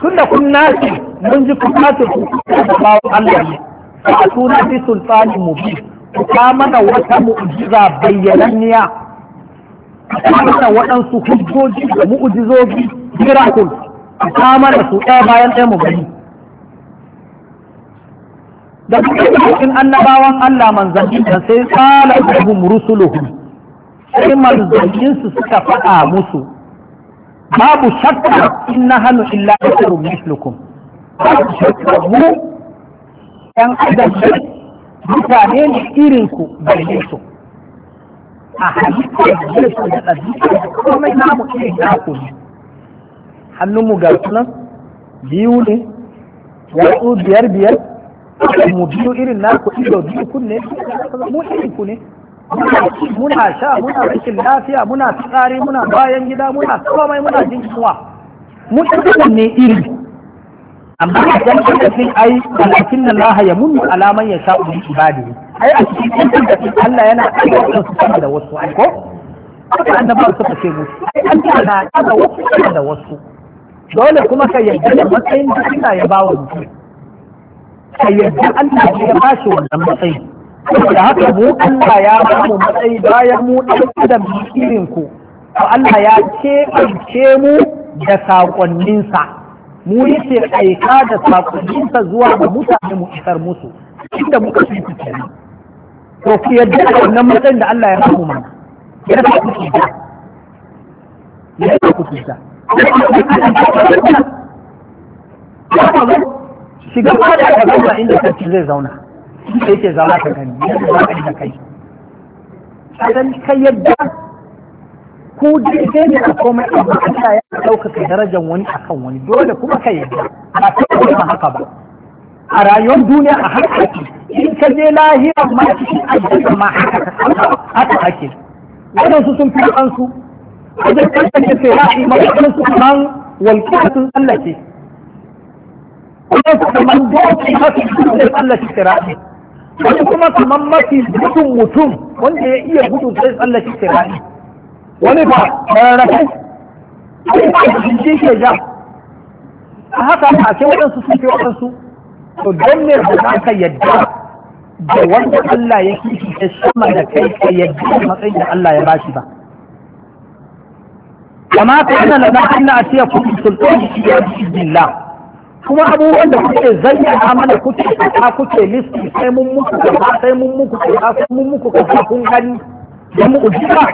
sun da kun nasi mun ji kun nasi ku da bawon Allah ne a suna fi sultani mu bi ku mana wata mu'jiza bayyananniya ku mana waɗansu hujjoji da mu'jizoji miracle ku mana su ɗaya bayan ɗaya mu gani da cikin annabawan Allah manzanni da sai salatuhum rusuluhu sai manzannin su suka faɗa musu babu shakka inna hanu illa basharun mislukum babu shakka mu yan adam ne mutane ne irin ku balle su a halittar da su da ɗabi'a da komai namu irin naku ne mu ga sunan biyu ne yatsu biyar biyar mu biyu irin na ku ido biyu mu irin ku ne muna sha muna rikin lafiya muna tsari muna bayan gida muna komai muna jin kuwa mu irin ne iri amma idan ka cikin ai na laha ya munnu alaman ya sha'u bi ibadihi ai a cikin cikin Allah yana aika su sama da wasu ai ko ba su ce mu ai Allah na aika wasu da wasu dole kuma ka yarda da matsayin da Allah ya bawa mutum ka yarda Allah ne ya bashi wannan matsayi da haka mu Allah ya ba mu matsayi bayan mu ɗan adam irin ku to Allah ya keɓance mu da saƙonninsa mu yace aika da saƙonninsa zuwa ga mutane mu isar musu inda muka fi ku kenan to ku yarda da wannan matsayin da Allah ya ba mu mana ya sa ku ki da ya sa ku ki shiga ba da ka zauna inda sarki zai zauna sai ke zauna ka gani yadda za ka kai kadan kai yadda ku daidai ne a komai amma Allah ya ɗaukaka darajar wani akan wani dole kuma ka yadda ba ka kuma haka ba a rayuwar duniya a haka ake in ka je lahira ma cikin aljanna ma haka ake Waɗansu sun fi kansu wajen kansu ke sai ya yi mawadansu kaman walƙiya sun tsallake wani kuma kamar mafi mutum mutum wanda ya iya gudu sai tsallake sirari wani ba rarrafe wani ba jinji ke ja a haka a ce waɗansu sun fi waɗansu to don ne da za ka yadda da wanda Allah ya kifi ya sama da kai ka yadda matsayin da Allah ya bashi ba kama ta yana da na Allah a ce ya kuma sultan shi ya bi Allah kuma abubuwan da kuke a mana kuke kasa kuke listi sai mun muku kaza sai mun muku kaza sai mun muku kaza kun gani da ujiza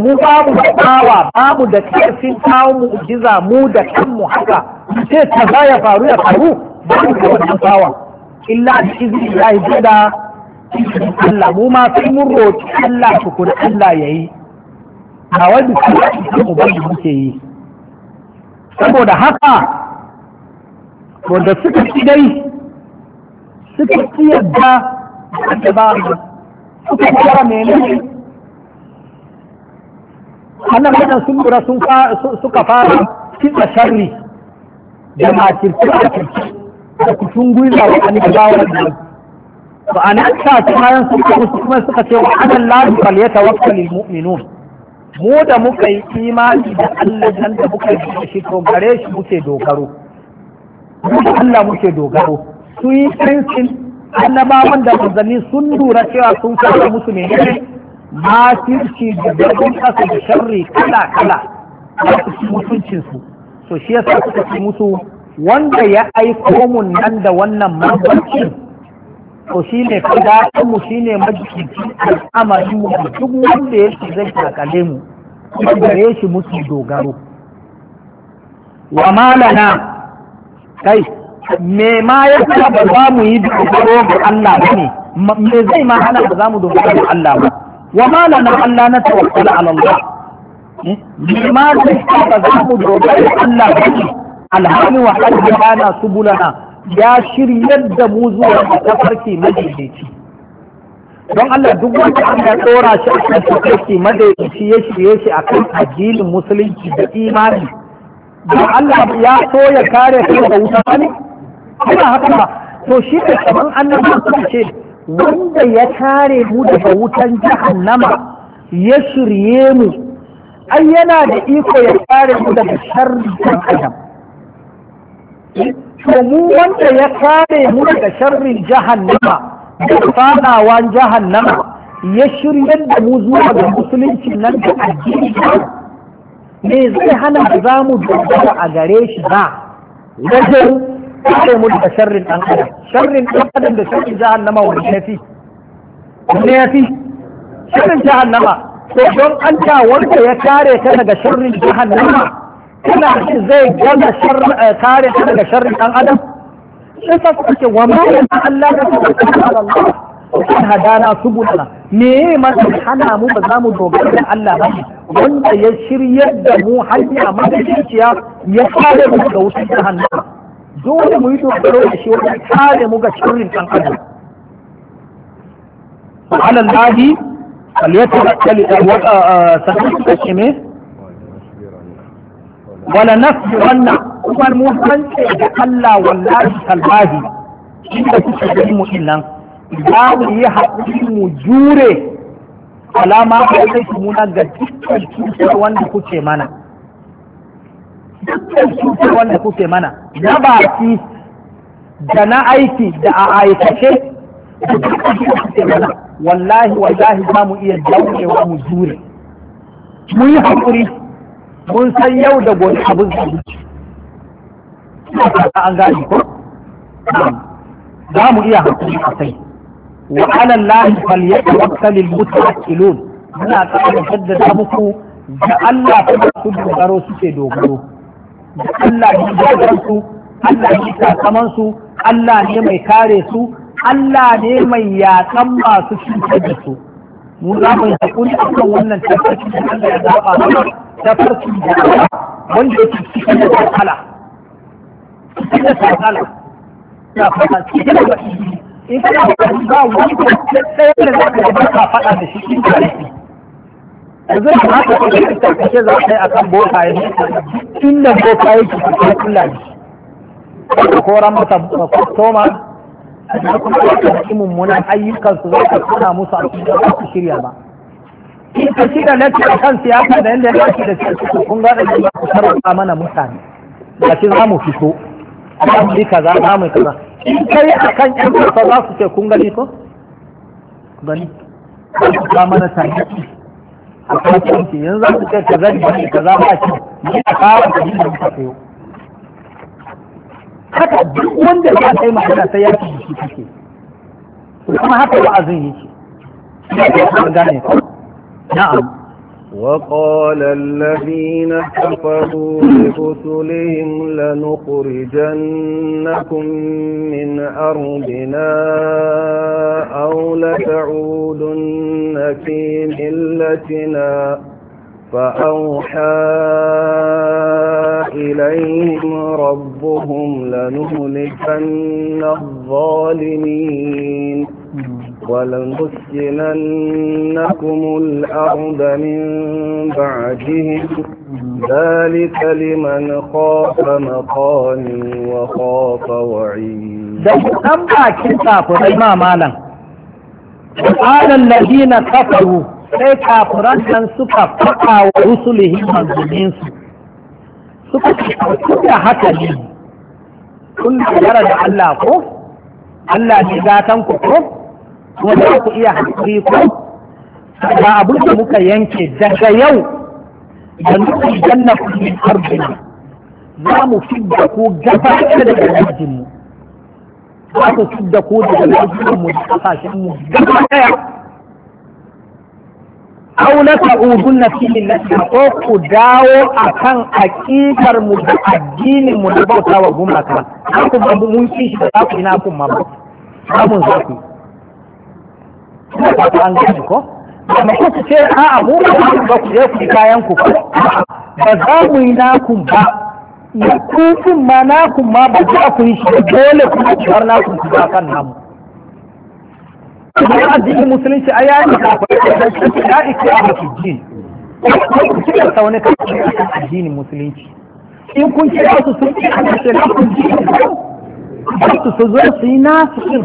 mu babu da tsawa babu da karfin kawo ujiza mu da kanmu haka ce kaza ya faru ya faru babu da wannan tsawa illa da izini ya yi gida, Allah mu ma sai mun roƙi Allah tukur Allah yayi A wani kuma ubangiji muke yi saboda haka to da suka ci dai suka ci yadda da ba suka fara menene annan wajen sun lura suka fara kitsa sharri da makirci a kirki da kusun gwiwa wa an gaba wannan ba a nan sa su bayan sun kawo su kuma suka ce wa anan lalu kal ya tawakkal lil mu'minun mu da muka yi imani da Allah dan da muka yi shi to gare shi muke dogaro da Allah muke dogaro su yi sensin annabawan da manzanni sun lura cewa sun fara musu ne makirci da darbin kasa da sharri kala kala a cikin mutuncinsu so shi yasa suka fi musu wanda ya aiko mun nan da wannan mabarcin to shi ne fadatan mu shi ne majikin al'amarin mu duk wanda ya ce zai kakale mu gare shi muke dogaro wa malana kai me ma ya sa ba za mu yi dogaro ga Allah ba ne me zai ma hana ba za mu dogaro ga Allah ba wa ma lana Allah na tawakkala ala Allah hmm? me ma zai sa ba za mu dogaro ga Allah ba ne alhali wa hajjana subulana ya shiryar da mu zuwa tafarki majiyaci don Allah duk wanda an ya tsora shi a kan tafarki madaidaici ya shirye shi akan addinin musulunci da imani da Allah ya so ya kare su daga wuta ne kuma haka ba to shi ne kaman annabi su ce wanda ya kare mu daga wutan jahannama ya shirye mu ai yana da iko ya kare mu daga sharrin adam to mu wanda ya kare mu daga sharrin jahannama da fadawan jahannama ya shirye da mu zuwa ga musulunci nan da addini me zai hana za mu dogara a gare shi ba wajen kare mu da sharrin ɗan adam sharrin ɗan adam da sharrin jahannama wani fi ne fi sharrin jahannama to don an ta wanda ya kare ta daga sharrin jihar jahannama kana shi zai gaza kare ka daga sharrin ɗan adam sai sa suka ce wa ma ya Allah da Allah kan hadana subulana me masa hana mu ba za mu dogara da Allah ba wanda ya shirya da mu hanya madadiciya ya kare mu daga wutar hannu, dole mu yi dogaro da shi wajen kare mu ga shirin ɗan adam سبحان الله فليتوكل سبحان na نفس wannan kuma mu hanke da Allah wallahi tallahi inda kuke ganin mu nan za mu yi haƙuri mu jure alama yi kai muna ga dukkan cutar wanda kuke mana dukkan cutar wanda kuke mana na baki da na aiki da a aikace da dukkan cutar kuke mana wallahi wallahi za mu iya daurewa mu jure mun yi haƙuri mun san yau da gobe abin zuci an gani ko za mu iya haƙuri a kai wa ala Allah falyatawakkal almutawakkilun muna ƙara jaddada muku da Allah kuma su dogaro suke dogaro da Allah ne dogaro su Allah ne sakaman su Allah ne mai kare su Allah ne mai yakan masu cutar da su mu za mu yi wannan tafarki da Allah ya zaba mana tafarki da Allah wanda yake cikin cikin da Allah na fata cikin da in kana ba wani ɗaya da za ka ba ka faɗa da shi in ka rufe yanzu da ma ka kuɗi da kashe za ka yi a kan boka ya inda boka ya ke kuka kula ne ko koran mata kwastoma da kuma yadda da mummunan ayyukansu za ka musu a cikin da su shirya ba in ka da na cikin kan siyasa da yadda ya dace da cikin kun ga da ya tarwata mana mutane ba shi za mu fito a kan kaza za mu kaza in kai a kan ƴan kasa za su ce kun gani ko gani ba mana sanaki a kan kanki yanzu za su ce ka zani ne ka za ba ce ni a kawo da yin da muka sayo haka duk wanda ya kai magana sai ya ci jiki kake kuma haka wa'azin yake na'am وقال الذين كفروا لرسلهم لنخرجنكم من أرضنا أو لتعودن في ملتنا فأوحى إليهم ربهم لنهلكن الظالمين ولنسكننكم الأرض من بعدهم ذلك لمن خاف مقامي وخاف وعيد وقال الذين كفروا sai kafiran nan suka faɗa wa rusulihi manzuminsu suka ce da haka ne kun da Allah ko Allah ne gatan ku ko kuma za ku iya haƙuri ku ba abin da muka yanke daga yau da nufin janna ku min arzini za mu fidda ku gaba ɗaya daga lajinmu za ku fidda ku daga lajinmu da kasashenmu gaba ɗaya aw la na fi millati ko ku dawo akan hakikar mu da addinin mu da bauta wa gumaka ku ba mun kishi da za ku ina kun ma ba mun zaku da fata an gani ko amma ku ce a mu ba ku je ku kayan ku ba za mu yi nakun ba kun ma nakun ma ba za ku yi shi dole ku ci har nakun ku ba kan namu kuma addinin musulunci a yayin da ku ya ike a masjid ku ci da sauni kan addinin musulunci in kun kira su sun ci a cikin nakun ku su zo su yi nasu din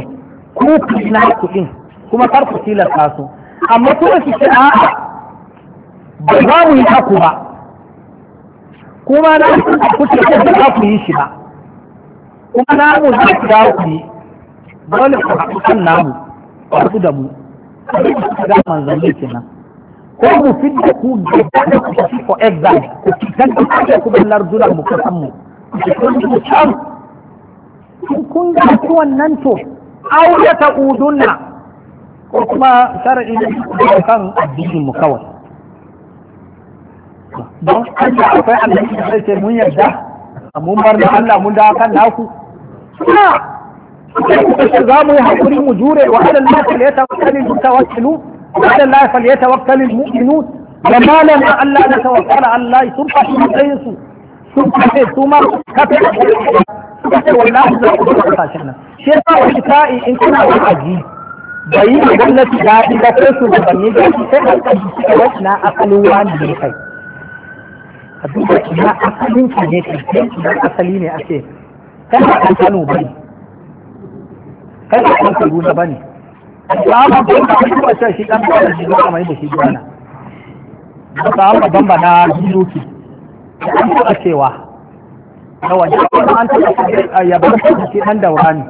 ku ku yi nasu din kuma kar ku tilasta su amma kuma ki ce a'a ba za mu yi haku ba kuma na kuce ce ba ku yi shi ba kuma na mu za ku dawo ku yi dole ku haɗu kan namu ku da mu ga manzanni kenan ko mu da ku gaba ku tafi for exile ku kan ku kaje ku ballar duran mu kasan mu ku can kun ga wannan to aure ta udunna ko kuma shara'i da kan addinin mu kawai don haka akwai Allah da zai ce mun yarda mun bar da Allah mun dawo kan naku suna sai za mu yi hakuri mu jure wa ala Allah fal yatawakkalul mutawakkilu wa ala Allah fal yatawakkalul mu'minun da malam malama Allah da tawakkala Allah sun fashi matsayin su sun kafe su ma kafe suka ce wallahi za ku kasashen nan shi ta wani sa'i in kuna wa'azi bai yi gwamnati daɗi ba sai su gabanni da shi sai a kan shi kawai na asalin wani ne kai a duba na asalin ki ne kai idan asali ne ake kai ba kan kano ba ne kai ba kan kaduna ba ne ba mu ba ba kuma sai shi ɗan ba da shi ba mai da shi gwana ba ba ban ba na jiruki an taɓa cewa na Ba an taɓa ya ba shi ɗan daura ne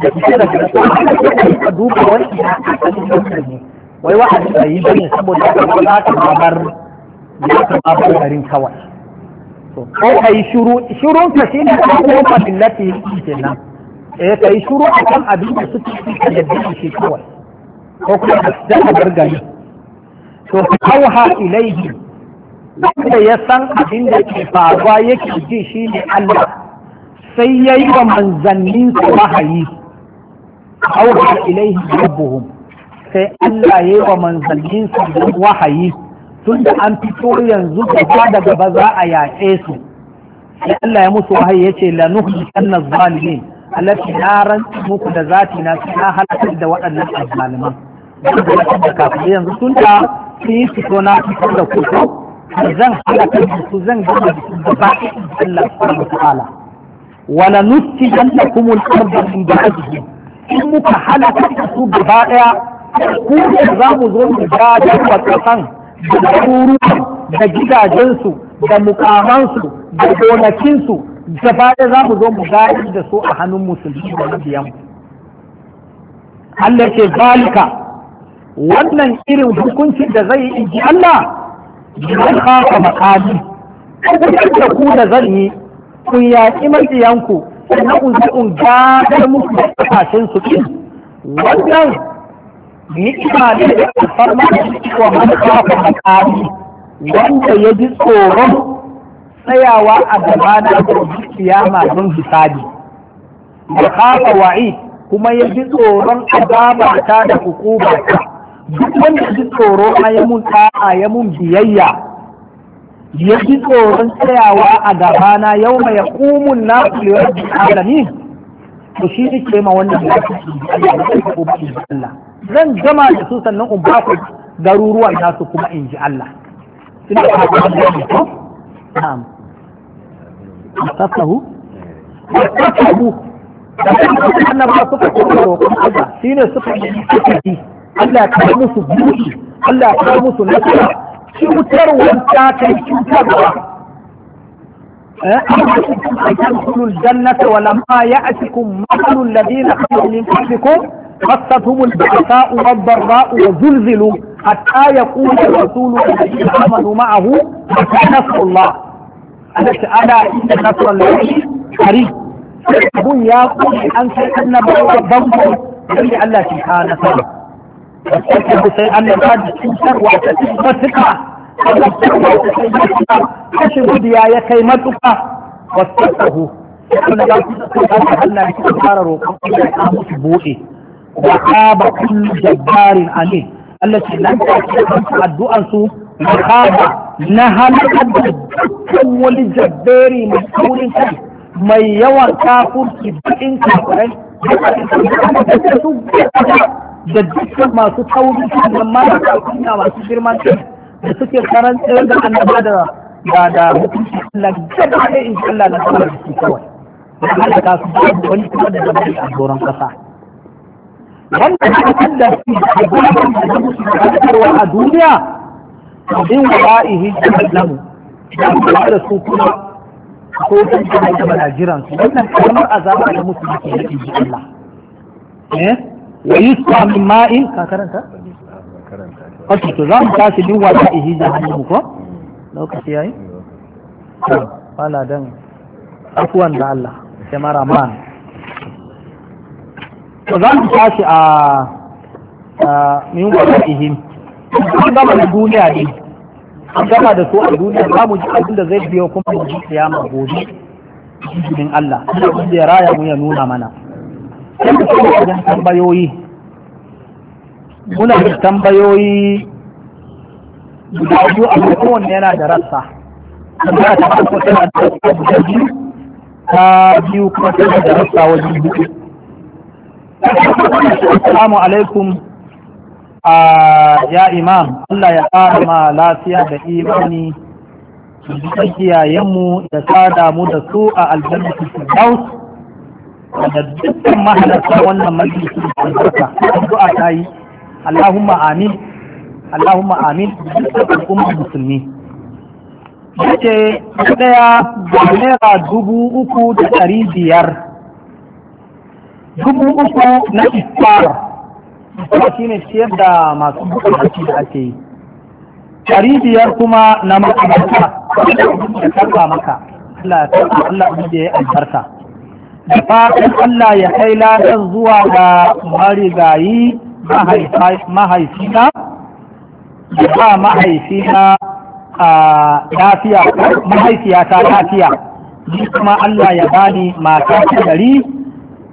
da suke da kuma duba wani ina asalin dokar ne wai wa a yi ne saboda haka ba za ka babar ya ka babar garin kawai ko ka yi shuru shurun ka shi ne kan kofa billati nan. eh ka yi shuru kan abin da suke suka yadda shi kawai ko kuma da ka bar gari to hauha ilaihi wanda ya san abin da ke faruwa yake ji shi ne Allah sai ya yi wa manzanninsa wahayi auha ilaihi rabbuhum sai Allah ya yi wa manzannin su wahayi tun da an fito yanzu da ba da gaba za a yaƙe su sai Allah ya musu wahayi ya ce la nuhli kanna zalimin allati naran muku da zati na sai na halakar da waɗannan azzaliman da kafin yanzu tun da sun yi fito na fito da kusa zan halakar da su zan gama da su gaba Allah subhanahu wa ta'ala wala nutti jannakumul arda min ba'dihim in muka hana su gaba ɗaya ku za mu zo mu gadar wa kasan da kuruwan da gidajensu da mukamansu da gonakinsu gaba ɗaya za mu zo mu ga da su a hannun musulmi da mabiyan Allah ke zalika wannan irin hukuncin da zai yi Allah ya kafa makami da ku da zan yi kun yaƙi maƙiyanku sannan in zo in gadar muku da kasashen su ɗin wannan ni'ima ne da alfarma da cewa manufa ko makami wanda ya ji tsoron tsayawa a gaba na gobe kiyama hisabi da kafa wa'i kuma ya ji tsoron azaba da hukuma duk wanda ji tsoro a ya mun ta'a ya mun biyayya ya ji tsoron tsayawa a gabana yau mai ya kumun na da alami to shi ne ke ma wannan da Allah zan gama da su sannan in ba ku garuruwan nasu kuma in ji Allah ina ba ku wannan ko na'am tafahu tafahu da kuma annaba da roƙon Allah shine suka yi Allah ya kawo musu buɗi Allah ya kawo musu nasara cutarwar ta kai cutarwa تدخلوا الجنة ولما يأتكم مثل الذين خلوا من قبلكم مستهم البعثاء والضراء وزلزلوا حتى يقول الرسول الذين آمنوا معه نصر الله أنا ألا إن نصر الله قريب أبو يا قوم أنت أن بعض الضم الله سبحانه وتكتب شيئا قد تنشر وتثبتك تذكر وتثبتك تشهد يا يا كيمتك واتقه كل هلا تكرر وقامت بوئه وخاب كل جبار عليه التي لم تكن الدعاء سوء وخاب نهل قد كل جبار من كل شيء mai yawan kafurki baƙin kafirai da dukkan masu tauri da mara kafirai masu girman kai da suke karantar da annaba da da da hukunci Allah kada ne in Allah na sanar da su kawai da halaka su da wani kuma da zama a doron kasa wanda aka kalla shi da gurbin da musu da a duniya bin wa'ihi da Allah da su kuma ko sun ta da bana jiran su wannan kalmar azaba da musu yake da ji Allah eh wa yusqa min ma'in ka karanta karanta okay to za mu tashi din wata ihi jahannam ko lokaci yayi to wala dan afwan da Allah mara man to za mu tashi a min wata ihi kun gama duniya ne an gama da su a duniya za mu ji abin da zai biyo kuma mu ji kiyama gobe cikin Allah Allah ya raya mu ya nuna mana sai mu kuma da tambayoyi muna da tambayoyi guda biyu a kowanne yana da rassa tambaya ta farko tana da rassa guda biyu ta biyu kuma tana da rassa wajen biyu Assalamu alaikum ya imam Allah ya ƙara ma lafiya da imani da kiyayenmu da sa mu da su a aljannatul firdaus da dukkan mahalarta wannan majalisi da albarka addu'a ta yi Allahumma amin Allahumma amin dukkan al'ummar musulmi yace daya da naira dubu uku da ɗari biyar dubu uku na iftar kuma shi ne ciyar da masu bukaci da ake yi ɗari biyar kuma na makamata da karba maka Allah ya Allah da ya albarka da fatan Allah ya kai ladan zuwa ga marigayi mahaifina da ba mahaifina a lafiya mahaifiyata lafiya ni kuma Allah ya bani mata ɗari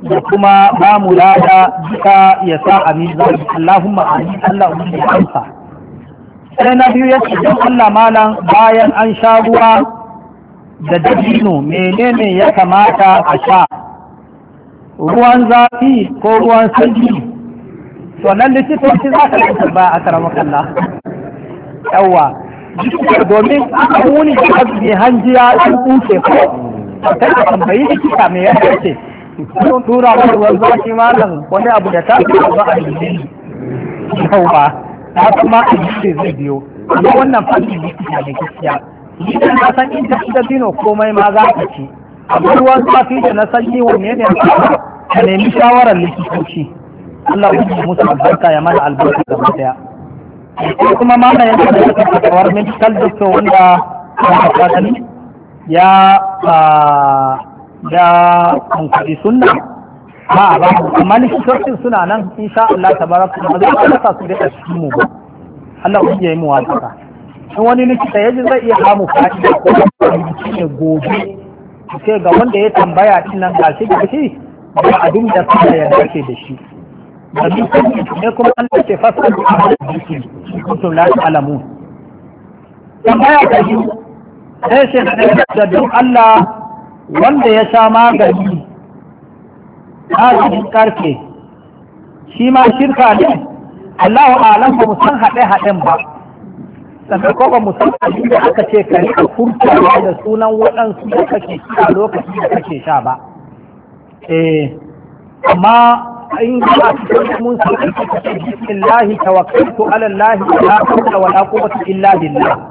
da kuma ba mu lada duka ya sa a mizan Allahumma amin Allah ubi ya amsa sai na biyu ya ce don Allah malam bayan an sha ruwa da dabino menene ya kamata a sha ruwan zafi ko ruwan sanyi to nan likitoci za ka lantar ba a karamar kalla yawa domin aka wuni da hanjiya sun kuce ko ta da tambayi likita me ya ce sun tura wa ruwan shi malam wani abu da ta ba a yi yau ba ta kuma a yi zai biyo amma wannan fanni ne ina da gaskiya da na san in ta da bino komai ma za ka ci amma ruwan zafi da na san ni wanne ne ka nemi shawarar likitoci Allah ya musu albarka ya mana albarka gaba mutaya ko kuma ya yanzu da suka fatawar medical doctor wanda ya ya ah, da kankari suna ba a ba amma likitocin suna nan insha Allah kuma zai ta'ala za su da cikin mu ba Allah ku yi mu wata in wani likita yaji zai iya samu fa'ida ko ne gobe sai ga wanda ya tambaya din nan gashi shi ba abin da da yarda ke da shi da dukkan ne kuma Allah ke fasal da shi kuntum la ta'lamun tambaya ta shi sai shi da duk Allah wanda ya sha magani maganin karfe shi ma shirka ne Allahu alam ba mu san haɗe-haɗen ba sannan ko ba mu san abin da aka ce ka rika furtawa da sunan waɗansu da kake sha lokacin da kake sha ba eh amma in ba a cikin mun san bismillahi tawakkaltu ala Allah la hawla wala quwwata illa billah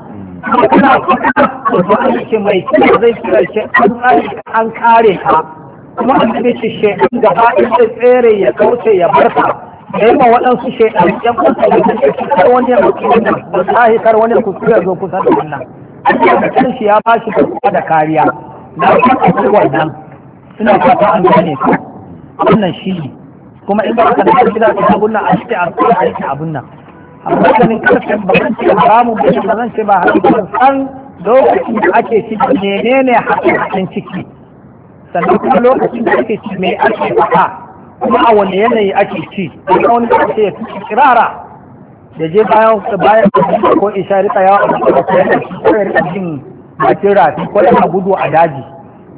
kana kuka wato an ce mai kira zai kira shi an kare an kare ka kuma an ce shi shaidan gaba ɗaya tsere ya kauce ya bar ka da ma waɗansu shaidan yan kusa da kuke kar wani ya mutu wannan wallahi kar wani ya kuskure zo kusa da wannan an ce da kanshi ya ba shi da da kariya na kuka da wannan suna fata an gane ka wannan shi kuma in ba ka da gida ka abun nan a cikin abun nan amma da ni kasan ba zan ce ba mu ba ba zan ce ba hakikan san lokacin da ake ciki menene hakikan ciki sannan kuma lokacin da ake ci me ake faɗa kuma a wani yanayi ake ci kuma wani ake ya fi kirara da je bayan bayan ko isha rika yawa a cikin ko yana ko ya rika jin bakin rafi ko yana gudu a daji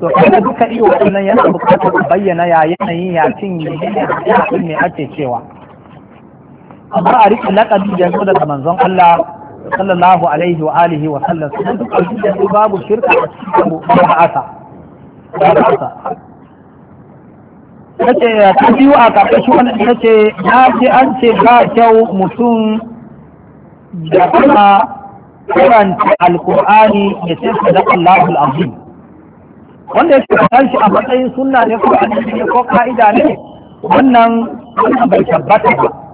to kana duka iya wannan yana bukatar bayyana ya yanayin ya cin ne me ake cewa amma a riƙe laƙabi da yanzu daga manzon Allah sallallahu alaihi wa alihi wa sallam sun duk alƙi da su babu shirka a cikin ba'asa ba'asa nace ta biyu a ƙarƙashin wannan nace na ce an ce ba kyau mutum da kuma karanta alkur'ani ya ce sadaqa Allahul azim wanda ya karanta shi a matsayin sunna ne ko annabi ne ko ka'ida ne wannan wannan bai tabbata ba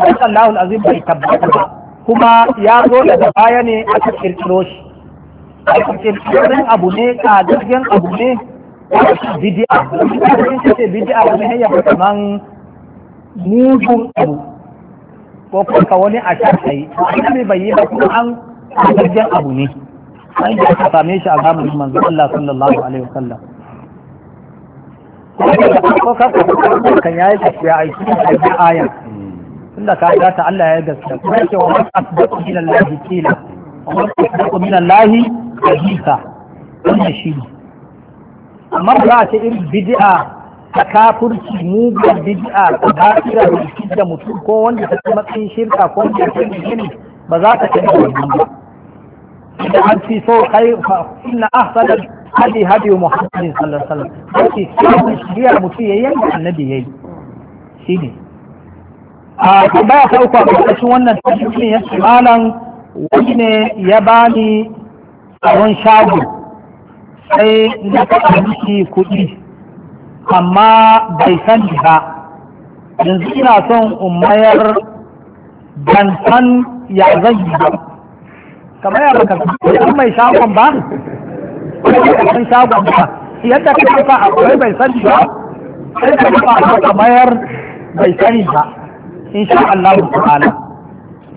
allahun azim bai tabbata ba kuma ya zo daga baya ne aka kirkiro shi aka kirkirin abu ne a jirgin abu ne a bidi'a wani ce bidi'a ne ya hanyar kaman mugun abu ko kuma wani a sha tsaye annabi bai yi ba kuma an jirgin abu ne an da aka same shi a zamanin manzo Allah sallallahu alaihi wasallam ko ka kan yayi tafiya a cikin ayan tunda ka ga ta Allah ya gaskiya kuma yake wa man asdaqu min Allah qila wa man asdaqu min Allah hadisa wannan shi ne. amma ba ta irin bid'a ta kafurci mugun bid'a ta basira da shi mutum ko wanda ta kuma tsin shirka ko wanda ta gini ba za ta kai wannan ba da an fi so kai fa inna ahsana hadi hadi muhammadin sallallahu alaihi wasallam yake shi shirya mutum yayin annabi yayi ne. a tambaya uku a ƙarƙashin wannan tashi ya ce malam wani ne ya bani tsaron shago sai na faɗa miki kuɗi amma bai sani ba yanzu ina son umayar mayar ban san ya zai ba kamar ya baka san mai shagon ba san shagon ba yadda ka kafa akwai bai sani ba sai ka kafa a mayar bai sani ba insha Allah ta'ala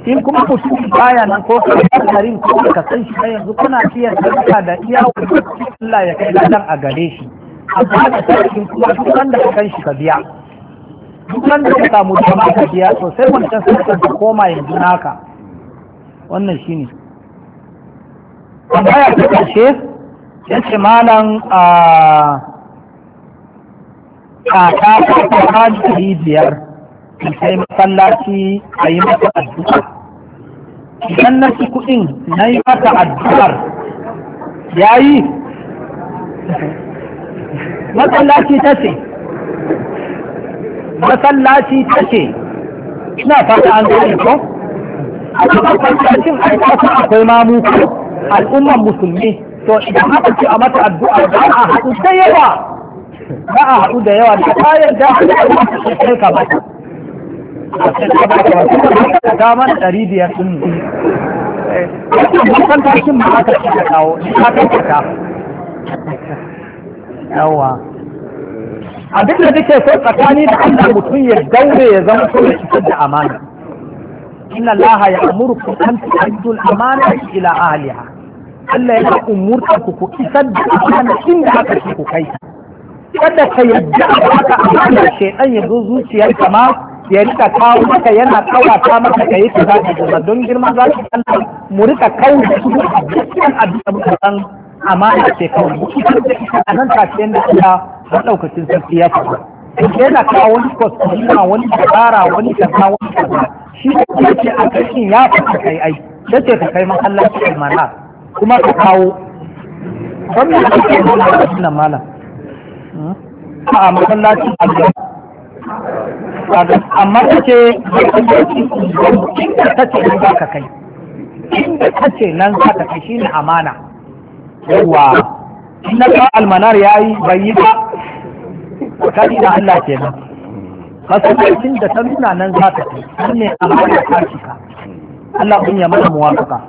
in kuma mutum baya nan ko karin ko ka san shi da yanzu kuna iya tsaka da iya Allah ya kai ladan a gare shi amma da sarkin kuma duk wanda ka kan shi ka biya duk da ka samu dama ka biya to sai wancan sarkin ka koma yanzu naka wannan shine tambaya ta karshe yace malam a kaka ta biyar in kai masallaci a yi masa addu'a idan na ci kuɗin na yi masa addu'ar ya yi masallaci ta ce masallaci ta ce ina fata an zai ko a cikin a yi kasa akwai mamu al'umman musulmi to idan aka ce a mata addu'a ba a haɗu da yawa ba a haɗu da yawa da kayan da aka yi a kai ga mana ɗari biyar ɗin mu kan tashin ma aka ci ka kawo ka kai ka yawa abin da nake so tsakani da Allah mutum ya daure ya zama so ya fitar da amana inna Allah ya amurukum an tu'addu al-amana ila ahliha Allah ya umurta ku ku isar da amana inda aka ci ku kai kada ka yadda aka amana shaytan ya zo zuciyarka ma ya rika kawo maka yana kawata maka ka yi kaza da kaza don girman za ka Allah mu rika kawo da su a dukkan abin da muka san amana ce kawo mu da ita a nan tafiyan da ta har ɗaukacin sarki ya ba. yana kawo wani kwastorina wani dabara wani kaza wani kaza shi ne ce a ƙarshen ya ta kai ai ta ce ka kai masallaci a mana kuma ka kawo wannan ake nuna da wannan malam hmm? a masallacin Allah amma ta ce inda ta ce nan za ka kai inda ta ce nan za ka kai shine amana yawa na ka almanar ya yi bai yi ba ta ina Allah ke nan masallacin da ta nuna nan za ka kai nan ne amana ta ka. Allah kun ya mana muwafaka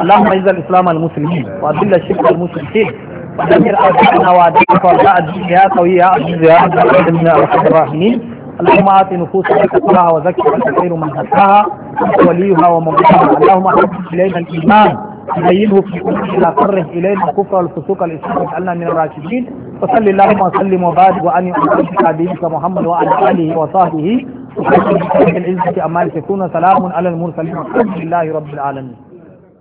اللهم اعز الاسلام المسلمين واذل الشرك المشركين ودمر اعداءنا واعداءك واعداء الدين يا قوي يا عزيز يا عبد الرحمن الرحيم اللهم آت نفوسنا تقواها وزكها خير من زكاها وليها ومولاها اللهم حبب إلينا الإيمان زينه في قلوبنا كره إلينا الكفر والفسوق والإسلام واجعلنا من الراشدين وصل اللهم وسلم وبارك وأن يؤمنك بك محمد وعلى آله وصحبه وحسن العزة أما يكون سلام على المرسلين والحمد لله رب العالمين